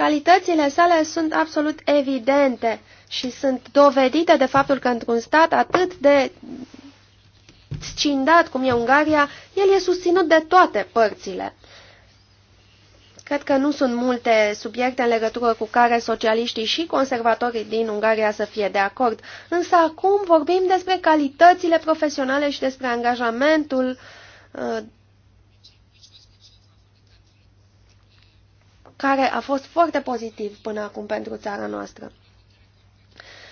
Calitățile sale sunt absolut evidente și sunt dovedite de faptul că într-un stat atât de scindat cum e Ungaria, el e susținut de toate părțile. Cred că nu sunt multe subiecte în legătură cu care socialiștii și conservatorii din Ungaria să fie de acord, însă acum vorbim despre calitățile profesionale și despre angajamentul uh, care a fost foarte pozitiv până acum pentru țara noastră.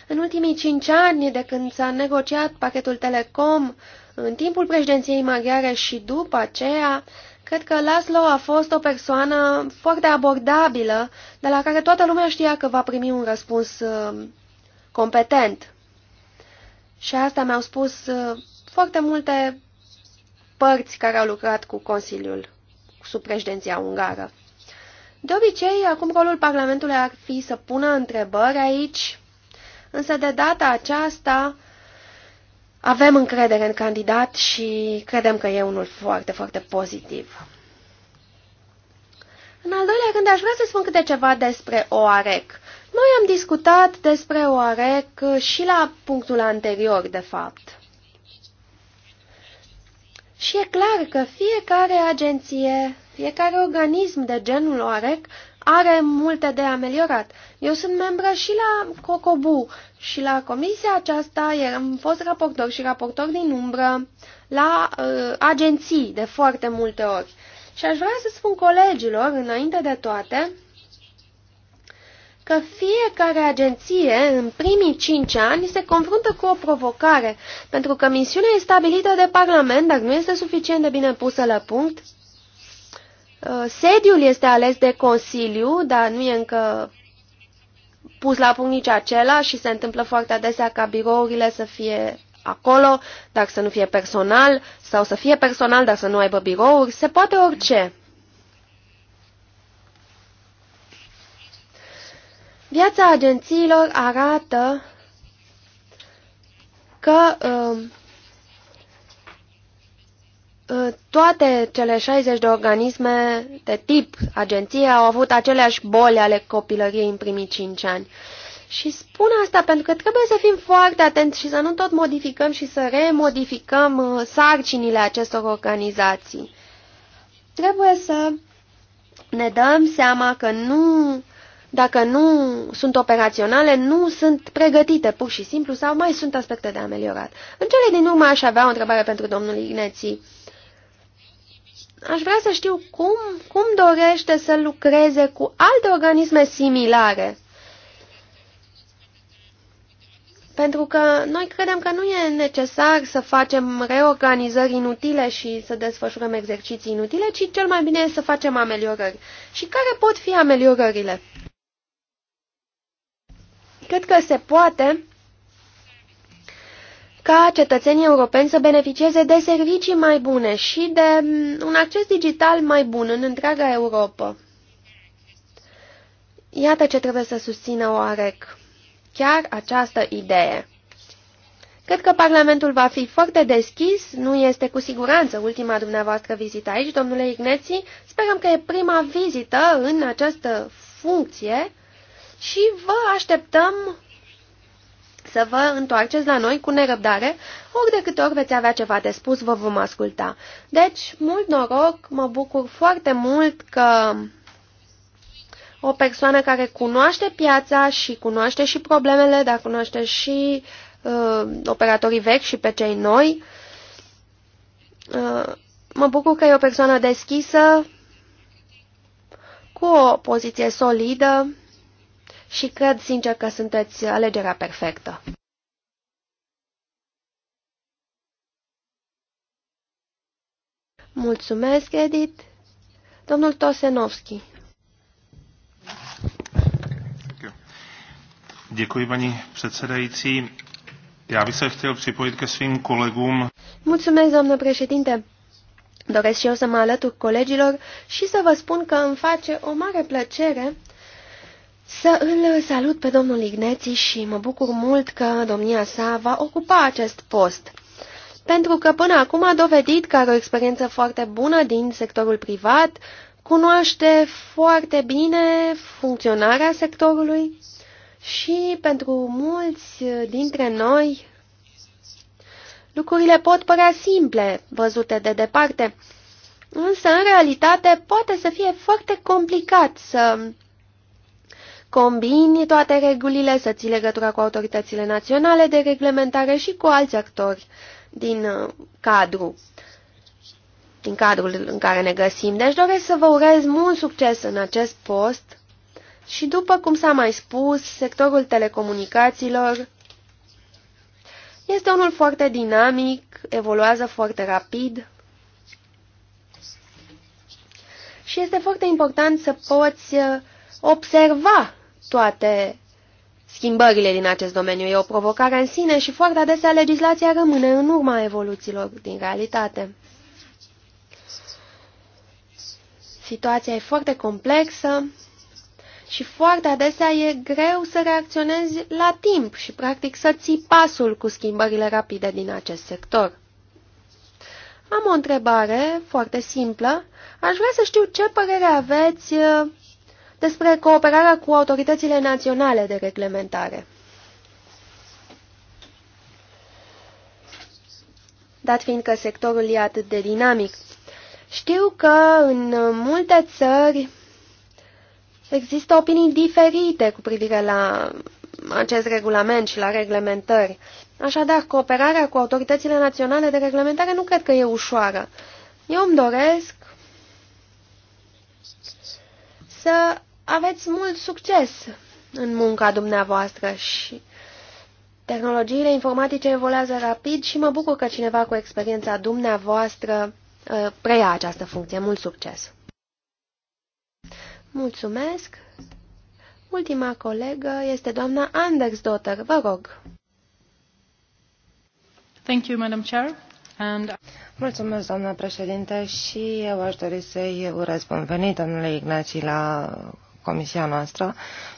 În ultimii cinci ani, de când s-a negociat pachetul Telecom, în timpul președinției maghiare și după aceea, cred că Laszlo a fost o persoană foarte abordabilă, de la care toată lumea știa că va primi un răspuns uh, competent. Și asta mi-au spus uh, foarte multe părți care au lucrat cu Consiliul sub președinția ungară. De obicei, acum rolul Parlamentului ar fi să pună întrebări aici, însă de data aceasta avem încredere în candidat și credem că e unul foarte, foarte pozitiv. În al doilea rând, aș vrea să spun câte ceva despre OAREC. Noi am discutat despre OAREC și la punctul anterior, de fapt. Și e clar că fiecare agenție fiecare organism de genul OREC are multe de ameliorat. Eu sunt membră și la COCOBU și la comisia aceasta am fost raportor și raportor din umbră la uh, agenții de foarte multe ori. Și aș vrea să spun colegilor, înainte de toate, că fiecare agenție în primii cinci ani se confruntă cu o provocare, pentru că misiunea e stabilită de Parlament, dar nu este suficient de bine pusă la punct Uh, sediul este ales de Consiliu, dar nu e încă pus la punct nici acela și se întâmplă foarte adesea ca birourile să fie acolo, dar să nu fie personal, sau să fie personal, dar să nu aibă birouri, se poate orice. Viața agențiilor arată că uh, Uh, toate cele 60 de organisme de tip agenție au avut aceleași boli ale copilăriei în primii 5 ani. Și spun asta pentru că trebuie să fim foarte atenți și să nu tot modificăm și să remodificăm uh, sarcinile acestor organizații. Trebuie să ne dăm seama că nu, dacă nu sunt operaționale, nu sunt pregătite pur și simplu sau mai sunt aspecte de ameliorat. În cele din urmă aș avea o întrebare pentru domnul Igneții aș vrea să știu cum, cum dorește să lucreze cu alte organisme similare. Pentru că noi credem că nu e necesar să facem reorganizări inutile și să desfășurăm exerciții inutile, ci cel mai bine e să facem ameliorări. Și care pot fi ameliorările? Cred că se poate ca cetățenii europeni să beneficieze de servicii mai bune și de mm, un acces digital mai bun în întreaga Europa. Iată ce trebuie să susțină OAREC. Chiar această idee. Cred că Parlamentul va fi foarte deschis, nu este cu siguranță ultima dumneavoastră vizită aici, domnule Igneți. Sperăm că e prima vizită în această funcție și vă așteptăm să vă întoarceți la noi cu nerăbdare, ori de câte ori veți avea ceva de spus, vă vom asculta. Deci, mult noroc, mă bucur foarte mult că o persoană care cunoaște piața și cunoaște și problemele, dar cunoaște și uh, operatorii vechi și pe cei noi. Uh, mă bucur că e o persoană deschisă, cu o poziție solidă și cred sincer că sunteți alegerea perfectă. Mulțumesc, Edith. Domnul Tosenovski.
Děkuji, paní předsedající.
Já bych se chtěl připojit ke svým kolegům.
Mulțumesc, domnule președinte. Doresc și eu să mă alătur colegilor și să vă spun că îmi face o mare plăcere să îl salut pe domnul Igneții și mă bucur mult că domnia sa va ocupa acest post, pentru că până acum a dovedit că are o experiență foarte bună din sectorul privat, cunoaște foarte bine funcționarea sectorului și pentru mulți dintre noi lucrurile pot părea simple, văzute de departe, însă în realitate poate să fie foarte complicat să combini toate regulile, să ții legătura cu autoritățile naționale de reglementare și cu alți actori din uh, cadru din cadrul în care ne găsim. Deci doresc să vă urez mult succes în acest post și după cum s-a mai spus, sectorul telecomunicațiilor este unul foarte dinamic, evoluează foarte rapid și este foarte important să poți uh, observa toate schimbările din acest domeniu. E o provocare în sine și foarte adesea legislația rămâne în urma evoluțiilor din realitate. Situația e foarte complexă și foarte adesea e greu să reacționezi la timp și practic să ții pasul cu schimbările rapide din acest sector. Am o întrebare foarte simplă. Aș vrea să știu ce părere aveți uh, despre cooperarea cu autoritățile naționale de reglementare. Dat că sectorul e atât de dinamic. Știu că în multe țări există opinii diferite cu privire la acest regulament și la reglementări. Așadar, cooperarea cu autoritățile naționale de reglementare nu cred că e ușoară. Eu îmi doresc să aveți mult succes în munca dumneavoastră și tehnologiile informatice evoluează rapid și mă bucur că cineva cu experiența dumneavoastră uh, preia această funcție. Mult succes! Mulțumesc! Ultima colegă este doamna Andersdotter. Vă rog!
Thank you, Madam Chair. And... Mulțumesc, doamna președinte, și eu aș dori să-i urez bun venit domnule Ignaci la comisia noastră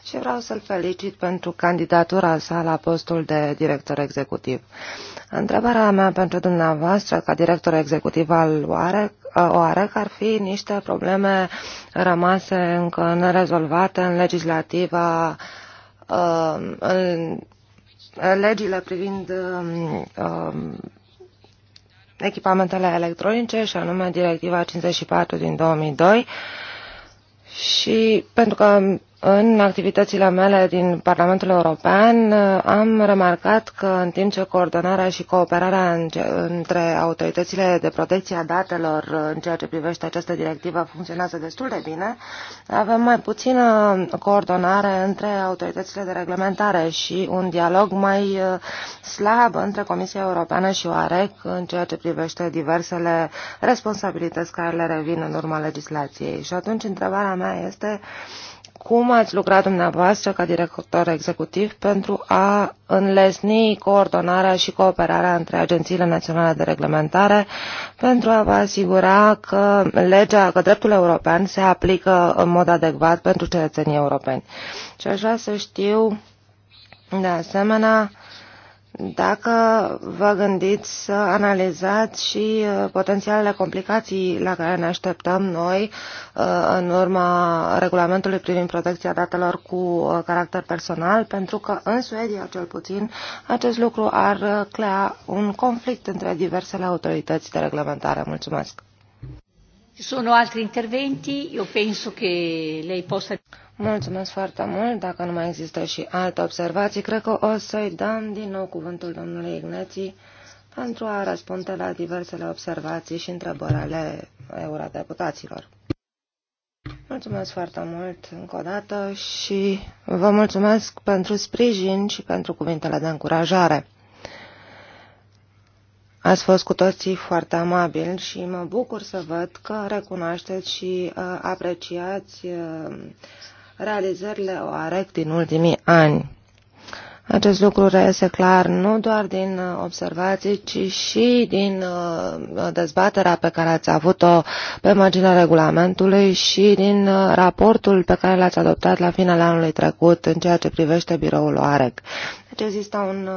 și vreau să-l felicit pentru candidatura sa la postul de director executiv. Întrebarea mea pentru dumneavoastră, ca director executiv al OAREC, uh, OAREC ar fi niște probleme rămase încă nerezolvate în legislativa uh, în legile privind um, echipamentele electronice și anume Directiva 54 din 2002 și pentru că în activitățile mele din Parlamentul European uh, am remarcat că în timp ce coordonarea și cooperarea între autoritățile de protecție a datelor uh, în ceea ce privește această directivă funcționează destul de bine, avem mai puțină coordonare între autoritățile de reglementare și un dialog mai uh, slab între Comisia Europeană și OAREC în ceea ce privește diversele responsabilități care le revin în urma legislației. Și atunci întrebarea mea este cum ați lucrat dumneavoastră ca director executiv pentru a înlesni coordonarea și cooperarea între agențiile naționale de reglementare pentru a vă asigura că legea, că dreptul european se aplică în mod adecvat pentru cetățenii europeni. Și aș vrea să știu, de asemenea, dacă vă gândiți să analizați și uh, potențialele complicații la care ne așteptăm noi uh, în urma regulamentului privind protecția datelor cu uh, caracter personal, pentru că în Suedia, cel puțin, acest lucru ar crea un conflict între diversele autorități de reglementare. Mulțumesc!
Sunt sono altri interventi, io penso che lei possa... Mulțumesc
foarte mult. Dacă nu mai există și alte observații, cred că o să-i dăm din nou cuvântul domnului Igneții pentru a răspunde la diversele observații și întrebări ale eurodeputaților. Mulțumesc foarte mult încă o dată și vă mulțumesc pentru sprijin și pentru cuvintele de încurajare. Ați fost cu toții foarte amabili și mă bucur să văd că recunoașteți și uh, apreciați uh, realizările OAREC din ultimii ani. Acest lucru reiese clar nu doar din uh, observații, ci și din uh, dezbaterea pe care ați avut-o pe marginea regulamentului și din uh, raportul pe care l-ați adoptat la finalul anului trecut în ceea ce privește biroul OAREC. Deci există un,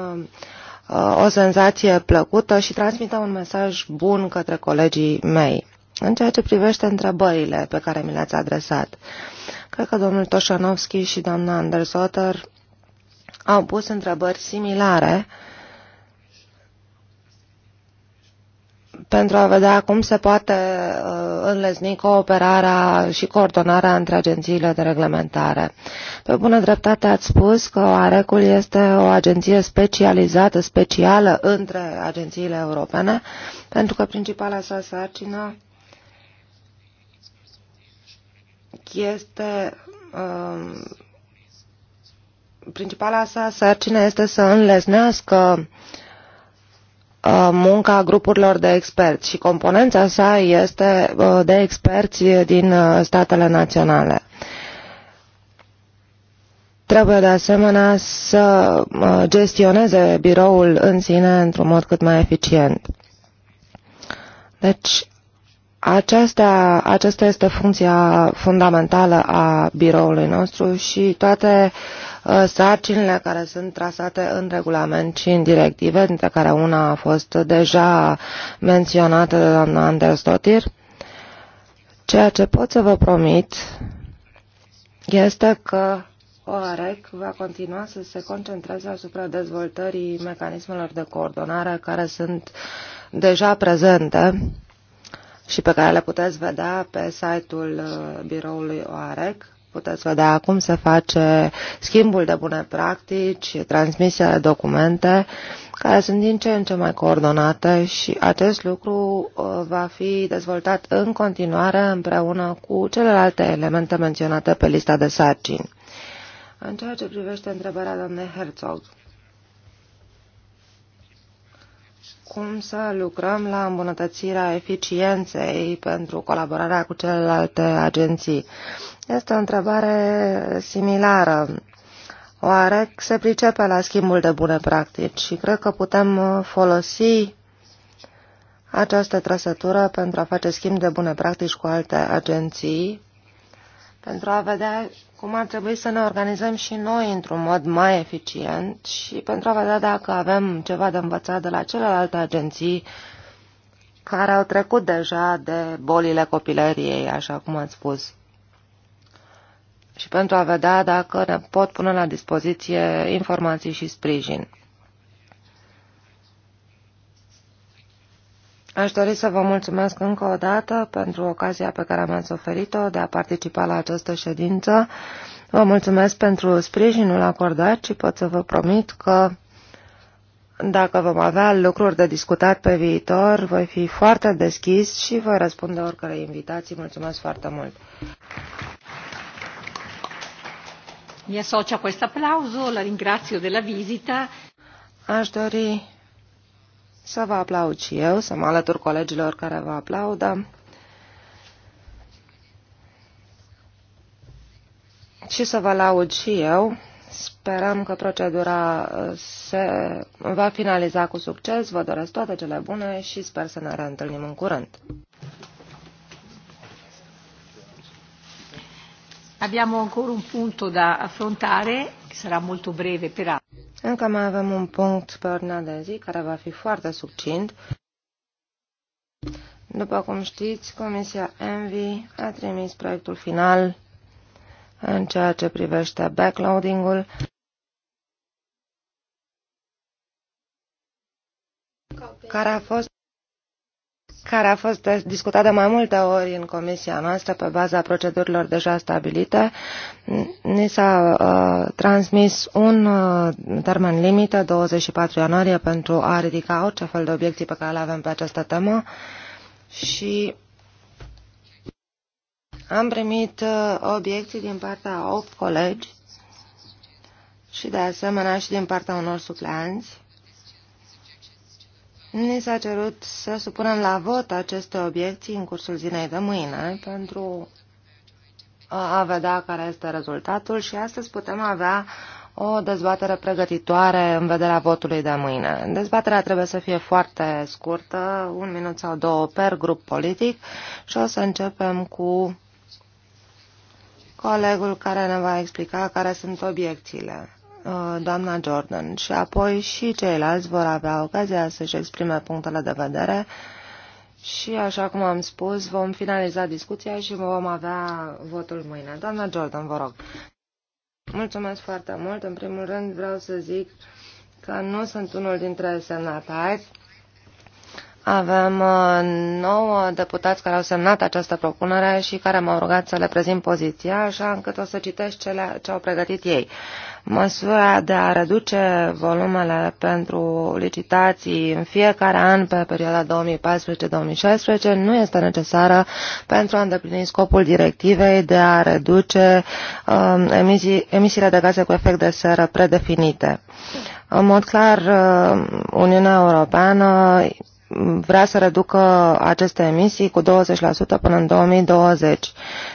o senzație plăcută și transmită un mesaj bun către colegii mei în ceea ce privește întrebările pe care mi le-ați adresat. Uh, Cred că domnul Toșanovski și doamna Andersotter au pus întrebări similare pentru a vedea cum se poate uh, înlezni cooperarea și coordonarea între agențiile de reglementare. Pe bună dreptate ați spus că ARECUL este o agenție specializată, specială între agențiile europene, pentru că principala sa sarcină este um, principala sa sarcină este să înlesnească uh, munca grupurilor de experți și componența sa este uh, de experți din uh, statele naționale. Trebuie de asemenea să gestioneze biroul în sine într-un mod cât mai eficient. Deci, aceasta, aceasta este funcția fundamentală a biroului nostru și toate uh, sarcinile care sunt trasate în regulament și în directive, dintre care una a fost deja menționată de doamna Anderstotir, ceea ce pot să vă promit este că OAREC va continua să se concentreze asupra dezvoltării mecanismelor de coordonare care sunt deja prezente și pe care le puteți vedea pe site-ul uh, biroului OAREC. Puteți vedea acum se face schimbul de bune practici, transmisia de documente, care sunt din ce în ce mai coordonate și acest lucru uh, va fi dezvoltat în continuare împreună cu celelalte elemente menționate pe lista de sarcini. În ceea ce privește întrebarea doamnei Herzog, Cum să lucrăm la îmbunătățirea eficienței pentru colaborarea cu celelalte agenții. Este o întrebare similară. Oare se pricepe la schimbul de bune practici și cred că putem uh, folosi această trăsătură pentru a face schimb de bune practici cu alte agenții, pentru a vedea Acum ar trebui să ne organizăm și noi într-un mod mai eficient și pentru a vedea dacă avem ceva de învățat de la celelalte agenții care au trecut deja de bolile copilăriei, așa cum ați spus. Și pentru a vedea dacă ne pot pune la dispoziție informații și sprijin. Aș dori să vă mulțumesc încă o dată pentru ocazia pe care mi-ați oferit-o de a participa la această ședință. Vă mulțumesc pentru sprijinul acordat și pot să vă promit că dacă vom avea lucruri de discutat pe viitor, voi fi foarte deschis și voi răspunde oricărei invitații. Mulțumesc foarte mult!
Mi associo a questo applauso, la ringrazio della visita.
Aș dori să vă aplaud și eu, să mă alătur colegilor care vă aplaudă. Și să vă laud și eu. Sperăm că procedura uh, se va finaliza cu succes. Vă doresc toate cele bune și sper să ne reîntâlnim în curând.
Abbiamo ancora un punto da affrontare sarà molto breve per
Încă mai avem un punct pe ordinea de zi care va fi foarte succint. După cum știți, Comisia Envy a trimis proiectul final în ceea ce privește backloading-ul. care a fost care a fost discutat de mai multe ori în comisia noastră pe baza procedurilor deja stabilite. Ni s-a uh, transmis un uh, termen limită, 24 ianuarie, pentru a ridica orice fel de obiecții pe care le avem pe această temă și am primit uh, obiecții din partea 8 colegi și de asemenea și din partea unor supleanți Ni s-a cerut să supunem la vot aceste obiecții în cursul zilei de mâine pentru a vedea care este rezultatul și astăzi putem avea o dezbatere pregătitoare în vederea votului de mâine. Dezbaterea trebuie să fie foarte scurtă, un minut sau două per grup politic și o să începem cu colegul care ne va explica care sunt obiecțiile. Uh, doamna Jordan și apoi și ceilalți vor avea ocazia să-și exprime punctele de vedere și, așa cum am spus, vom finaliza discuția și vom avea votul mâine. Doamna Jordan, vă rog. Mulțumesc foarte mult. În primul rând vreau să zic că nu sunt unul dintre semnatari avem uh, nouă deputați care au semnat această propunere și care m-au rugat să le prezint poziția, așa încât o să citesc ce au pregătit ei. Măsura de a reduce volumele pentru licitații în fiecare an pe perioada 2014-2016 nu este necesară pentru a îndeplini scopul directivei de a reduce um, emisii, emisiile de gaze cu efect de seră predefinite. În mod clar, uh, Uniunea Europeană vrea să reducă aceste emisii cu 20% până în 2020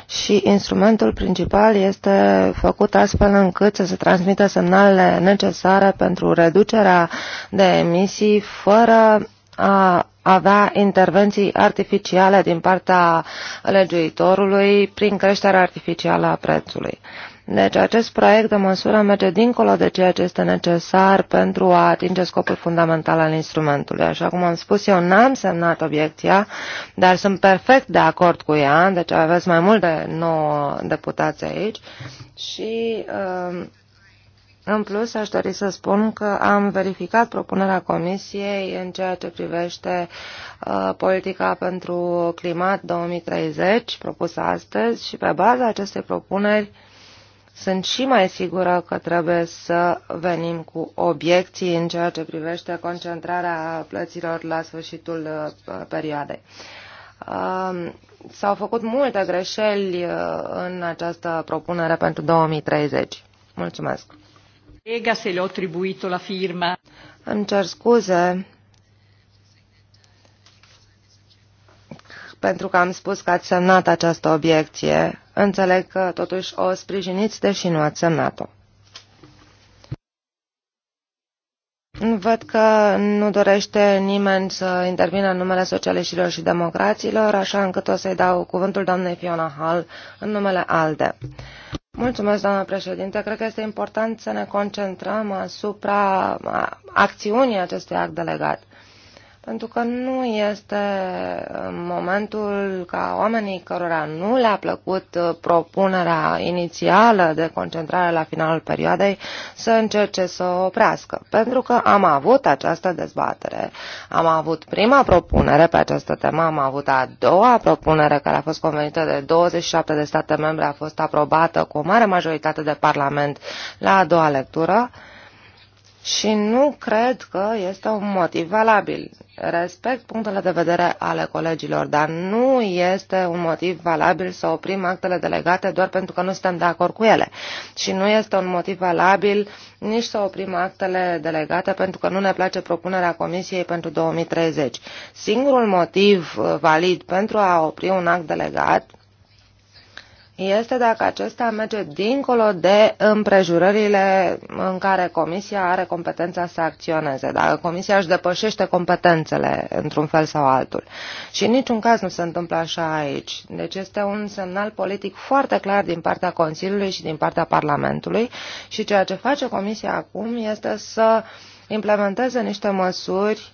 și instrumentul principal este făcut astfel încât să se transmită semnalele necesare pentru reducerea de emisii fără a avea intervenții artificiale din partea legiuitorului prin creșterea artificială a prețului. Deci acest proiect de măsură merge dincolo de ceea ce este necesar pentru a atinge scopul fundamental al instrumentului. Așa cum am spus, eu n-am semnat obiecția, dar sunt perfect de acord cu ea, deci aveți mai mult de 9 deputați aici și um, în plus aș dori să spun că am verificat propunerea Comisiei în ceea ce privește uh, politica pentru climat 2030 propusă astăzi și pe baza acestei propuneri sunt și mai sigură că trebuie să venim cu obiecții în ceea ce privește concentrarea plăților la sfârșitul uh, perioadei. Um, s-au făcut multe greșeli uh, în această propunere pentru 2030. Mulțumesc.
Ega se le-a atribuit la firma. Îmi cer scuze pentru că am spus
că ați semnat această obiecție. Înțeleg că totuși o sprijiniți, deși nu ați semnat-o. Văd că nu dorește nimeni să intervină în numele socialiștilor și democraților, așa încât o să-i dau cuvântul doamnei Fiona Hall în numele ALDE. Mulțumesc, doamnă președinte. Cred că este important să ne concentrăm asupra acțiunii acestui act delegat pentru că nu este uh, momentul ca oamenii cărora nu le-a plăcut uh, propunerea inițială de concentrare la finalul perioadei să încerce să o oprească. Pentru că am avut această dezbatere, am avut prima propunere pe această temă, am avut a doua propunere care a fost convenită de 27 de state membre, a fost aprobată cu o mare majoritate de Parlament la a doua lectură și nu cred că este un motiv valabil. Respect punctele de vedere ale colegilor, dar nu este un motiv valabil să oprim actele delegate doar pentru că nu suntem de acord cu ele. Și nu este un motiv valabil nici să oprim actele delegate pentru că nu ne place propunerea Comisiei pentru 2030. Singurul motiv uh, valid pentru a opri un act delegat este dacă acesta merge dincolo de împrejurările în care Comisia are competența să acționeze, dacă Comisia își depășește competențele într-un fel sau altul. Și în niciun caz nu se întâmplă așa aici. Deci este un semnal politic foarte clar din partea Consiliului și din partea Parlamentului și ceea ce face Comisia acum este să implementeze niște măsuri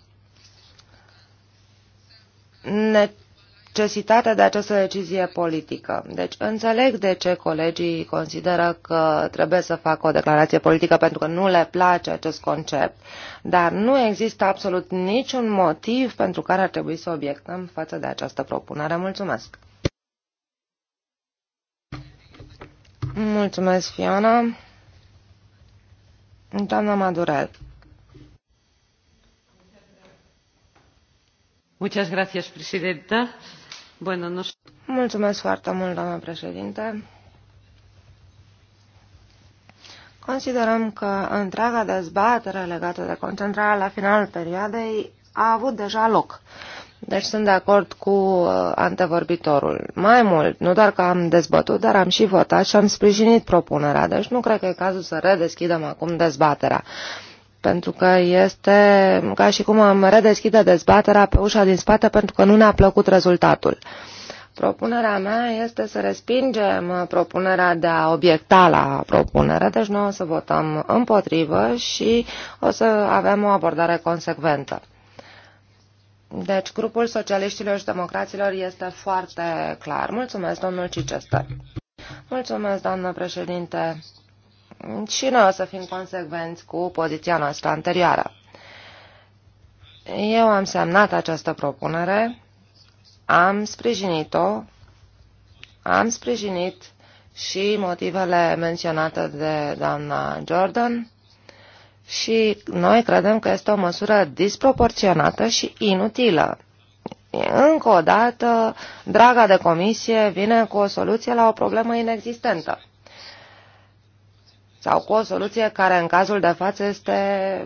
necesitatea de această decizie politică. Deci înțeleg de ce colegii consideră că trebuie să facă o declarație politică pentru că nu le place acest concept, dar nu există absolut niciun motiv pentru care ar trebui să obiectăm față de această propunere. Mulțumesc! Mulțumesc, Fiona. Doamna Madurel.
Muchas gracias, Presidenta.
Mulțumesc foarte mult, doamnă președinte. Considerăm că întreaga dezbatere legată de concentrarea la finalul perioadei a avut deja loc. Deci sunt de acord cu uh, antevorbitorul. Mai mult, nu doar că am dezbătut, dar am și votat și am sprijinit propunerea. Deci nu cred că e cazul să redeschidem acum dezbaterea pentru că este ca și cum am redeschide dezbaterea pe ușa din spate pentru că nu ne-a plăcut rezultatul. Propunerea mea este să respingem propunerea de a obiecta la propunere, deci noi o să votăm împotrivă și o să avem o abordare consecventă. Deci grupul socialiștilor și democraților este foarte clar. Mulțumesc, domnul Cicester. Mulțumesc, doamnă președinte și noi o să fim consecvenți cu poziția noastră anterioară. Eu am semnat această propunere, am sprijinit-o, am sprijinit și motivele menționate de doamna Jordan și noi credem că este o măsură disproporționată și inutilă. Încă o dată, draga de comisie vine cu o soluție la o problemă inexistentă sau cu o soluție care în cazul de față este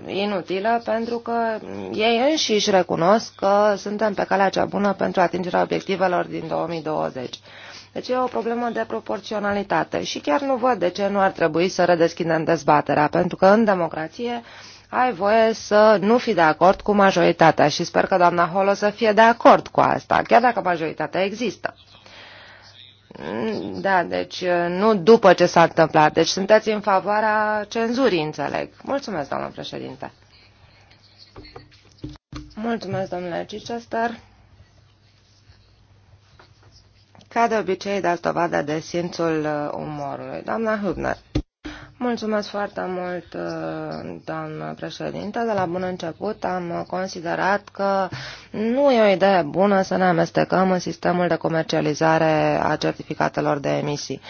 inutilă pentru că ei înșiși recunosc că suntem pe calea cea bună pentru atingerea obiectivelor din 2020. Deci e o problemă de proporționalitate și chiar nu văd de ce nu ar trebui să redeschidem dezbaterea, pentru că în democrație ai voie să nu fii de acord cu majoritatea și sper că doamna Holo să fie de acord cu asta, chiar dacă majoritatea există. Mm, da, deci uh, nu după ce s-a întâmplat. Deci sunteți în favoarea cenzurii, înțeleg. Mulțumesc, doamnă președinte. Mulțumesc, domnule Chichester. Ca de obicei, dați dovadă de simțul uh, umorului. Doamna Hübner. Mulțumesc foarte mult, uh, doamnă președinte. De la bun început am considerat că nu e o idee bună să ne amestecăm în sistemul de comercializare a certificatelor de emisii.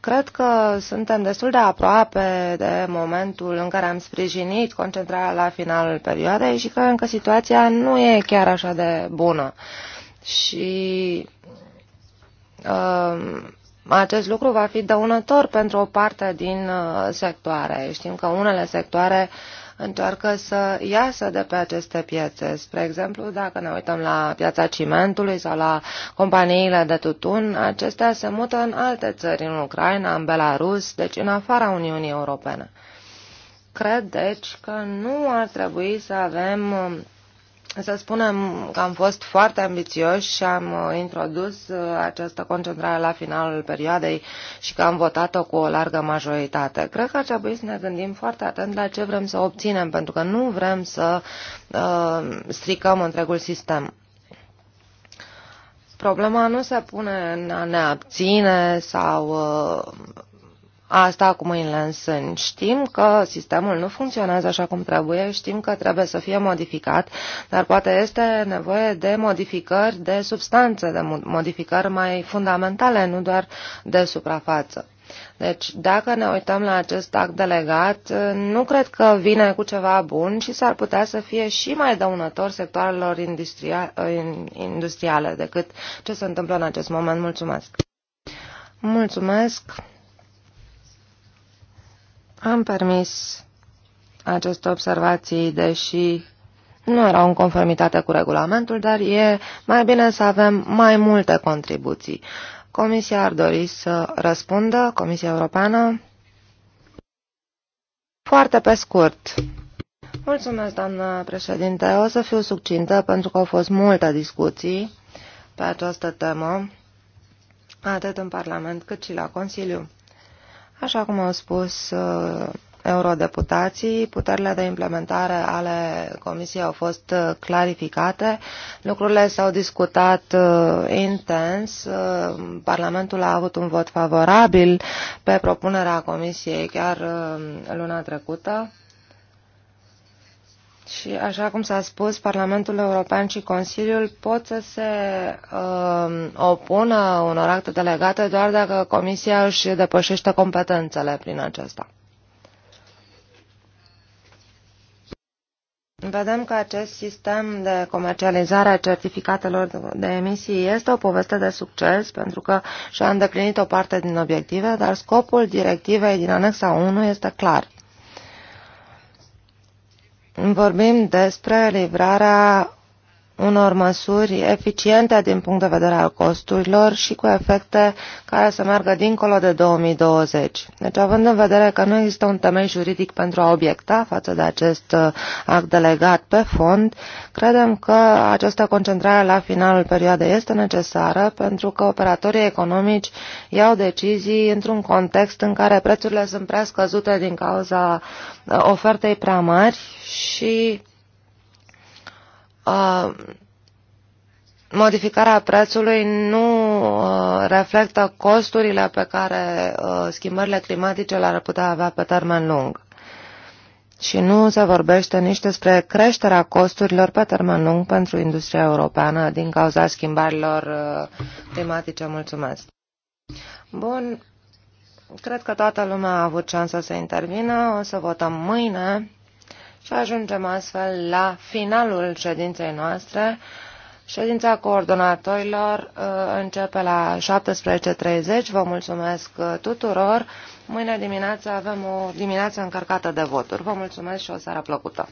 Cred că suntem destul de aproape de momentul în care am sprijinit concentrarea la finalul perioadei și cred că situația nu e chiar așa de bună. Și uh, acest lucru va fi dăunător pentru o parte din uh, sectoare. Știm că unele sectoare încearcă să iasă de pe aceste piețe. Spre exemplu, dacă ne uităm la piața cimentului sau la companiile de tutun, acestea se mută în alte țări, în Ucraina, în Belarus, deci în afara Uniunii Europene. Cred, deci, că nu ar trebui să avem um, să spunem că am fost foarte ambițioși și am uh, introdus uh, această concentrare la finalul perioadei și că am votat-o cu o largă majoritate. Cred că ar trebui să ne gândim foarte atent la ce vrem să obținem, pentru că nu vrem să uh, stricăm întregul sistem. Problema nu se pune în a ne abține sau uh, asta cu mâinile în sân. Știm că sistemul nu funcționează așa cum trebuie, știm că trebuie să fie modificat, dar poate este nevoie de modificări de substanță, de modificări mai fundamentale, nu doar de suprafață. Deci, dacă ne uităm la acest act delegat, nu cred că vine cu ceva bun și s-ar putea să fie și mai dăunător sectoarelor industriale decât ce se întâmplă în acest moment. Mulțumesc! Mulțumesc! Am permis aceste observații, deși nu erau în conformitate cu regulamentul, dar e mai bine să avem mai multe contribuții. Comisia ar dori să răspundă, Comisia Europeană. Foarte pe scurt. Mulțumesc, doamnă președinte. O să fiu succintă pentru că au fost multe discuții pe această temă, atât în Parlament cât și la Consiliu. Așa cum au spus uh, eurodeputații, puterile de implementare ale Comisiei au fost uh, clarificate, lucrurile s-au discutat uh, intens, Parlamentul a avut un vot favorabil pe propunerea Comisiei chiar luna trecută și așa cum s-a spus, Parlamentul European și Consiliul pot să se uh, opună unor acte delegate doar dacă Comisia își depășește competențele prin acesta. Vedem că acest sistem de comercializare a certificatelor de emisii este o poveste de succes pentru că și-a îndeplinit o parte din obiective, dar scopul directivei din anexa 1 este clar vorbim despre livrarea unor măsuri eficiente din punct de vedere al costurilor și cu efecte care să meargă dincolo de 2020. Deci, având în vedere că nu există un temei juridic pentru a obiecta față de acest uh, act delegat pe fond, credem că această concentrare la finalul perioadei este necesară pentru că operatorii economici iau decizii într-un context în care prețurile sunt prea scăzute din cauza uh, ofertei prea mari și modificarea prețului nu reflectă costurile pe care schimbările climatice le-ar putea avea pe termen lung. Și nu se vorbește nici despre creșterea costurilor pe termen lung pentru industria europeană din cauza schimbărilor climatice. Mulțumesc! Bun, cred că toată lumea a avut șansa să intervină. O să votăm mâine și ajungem astfel la finalul ședinței noastre. Ședința coordonatorilor uh, începe la 17.30. Vă mulțumesc uh, tuturor. Mâine dimineață avem o dimineață încărcată de voturi. Vă mulțumesc și o seară plăcută.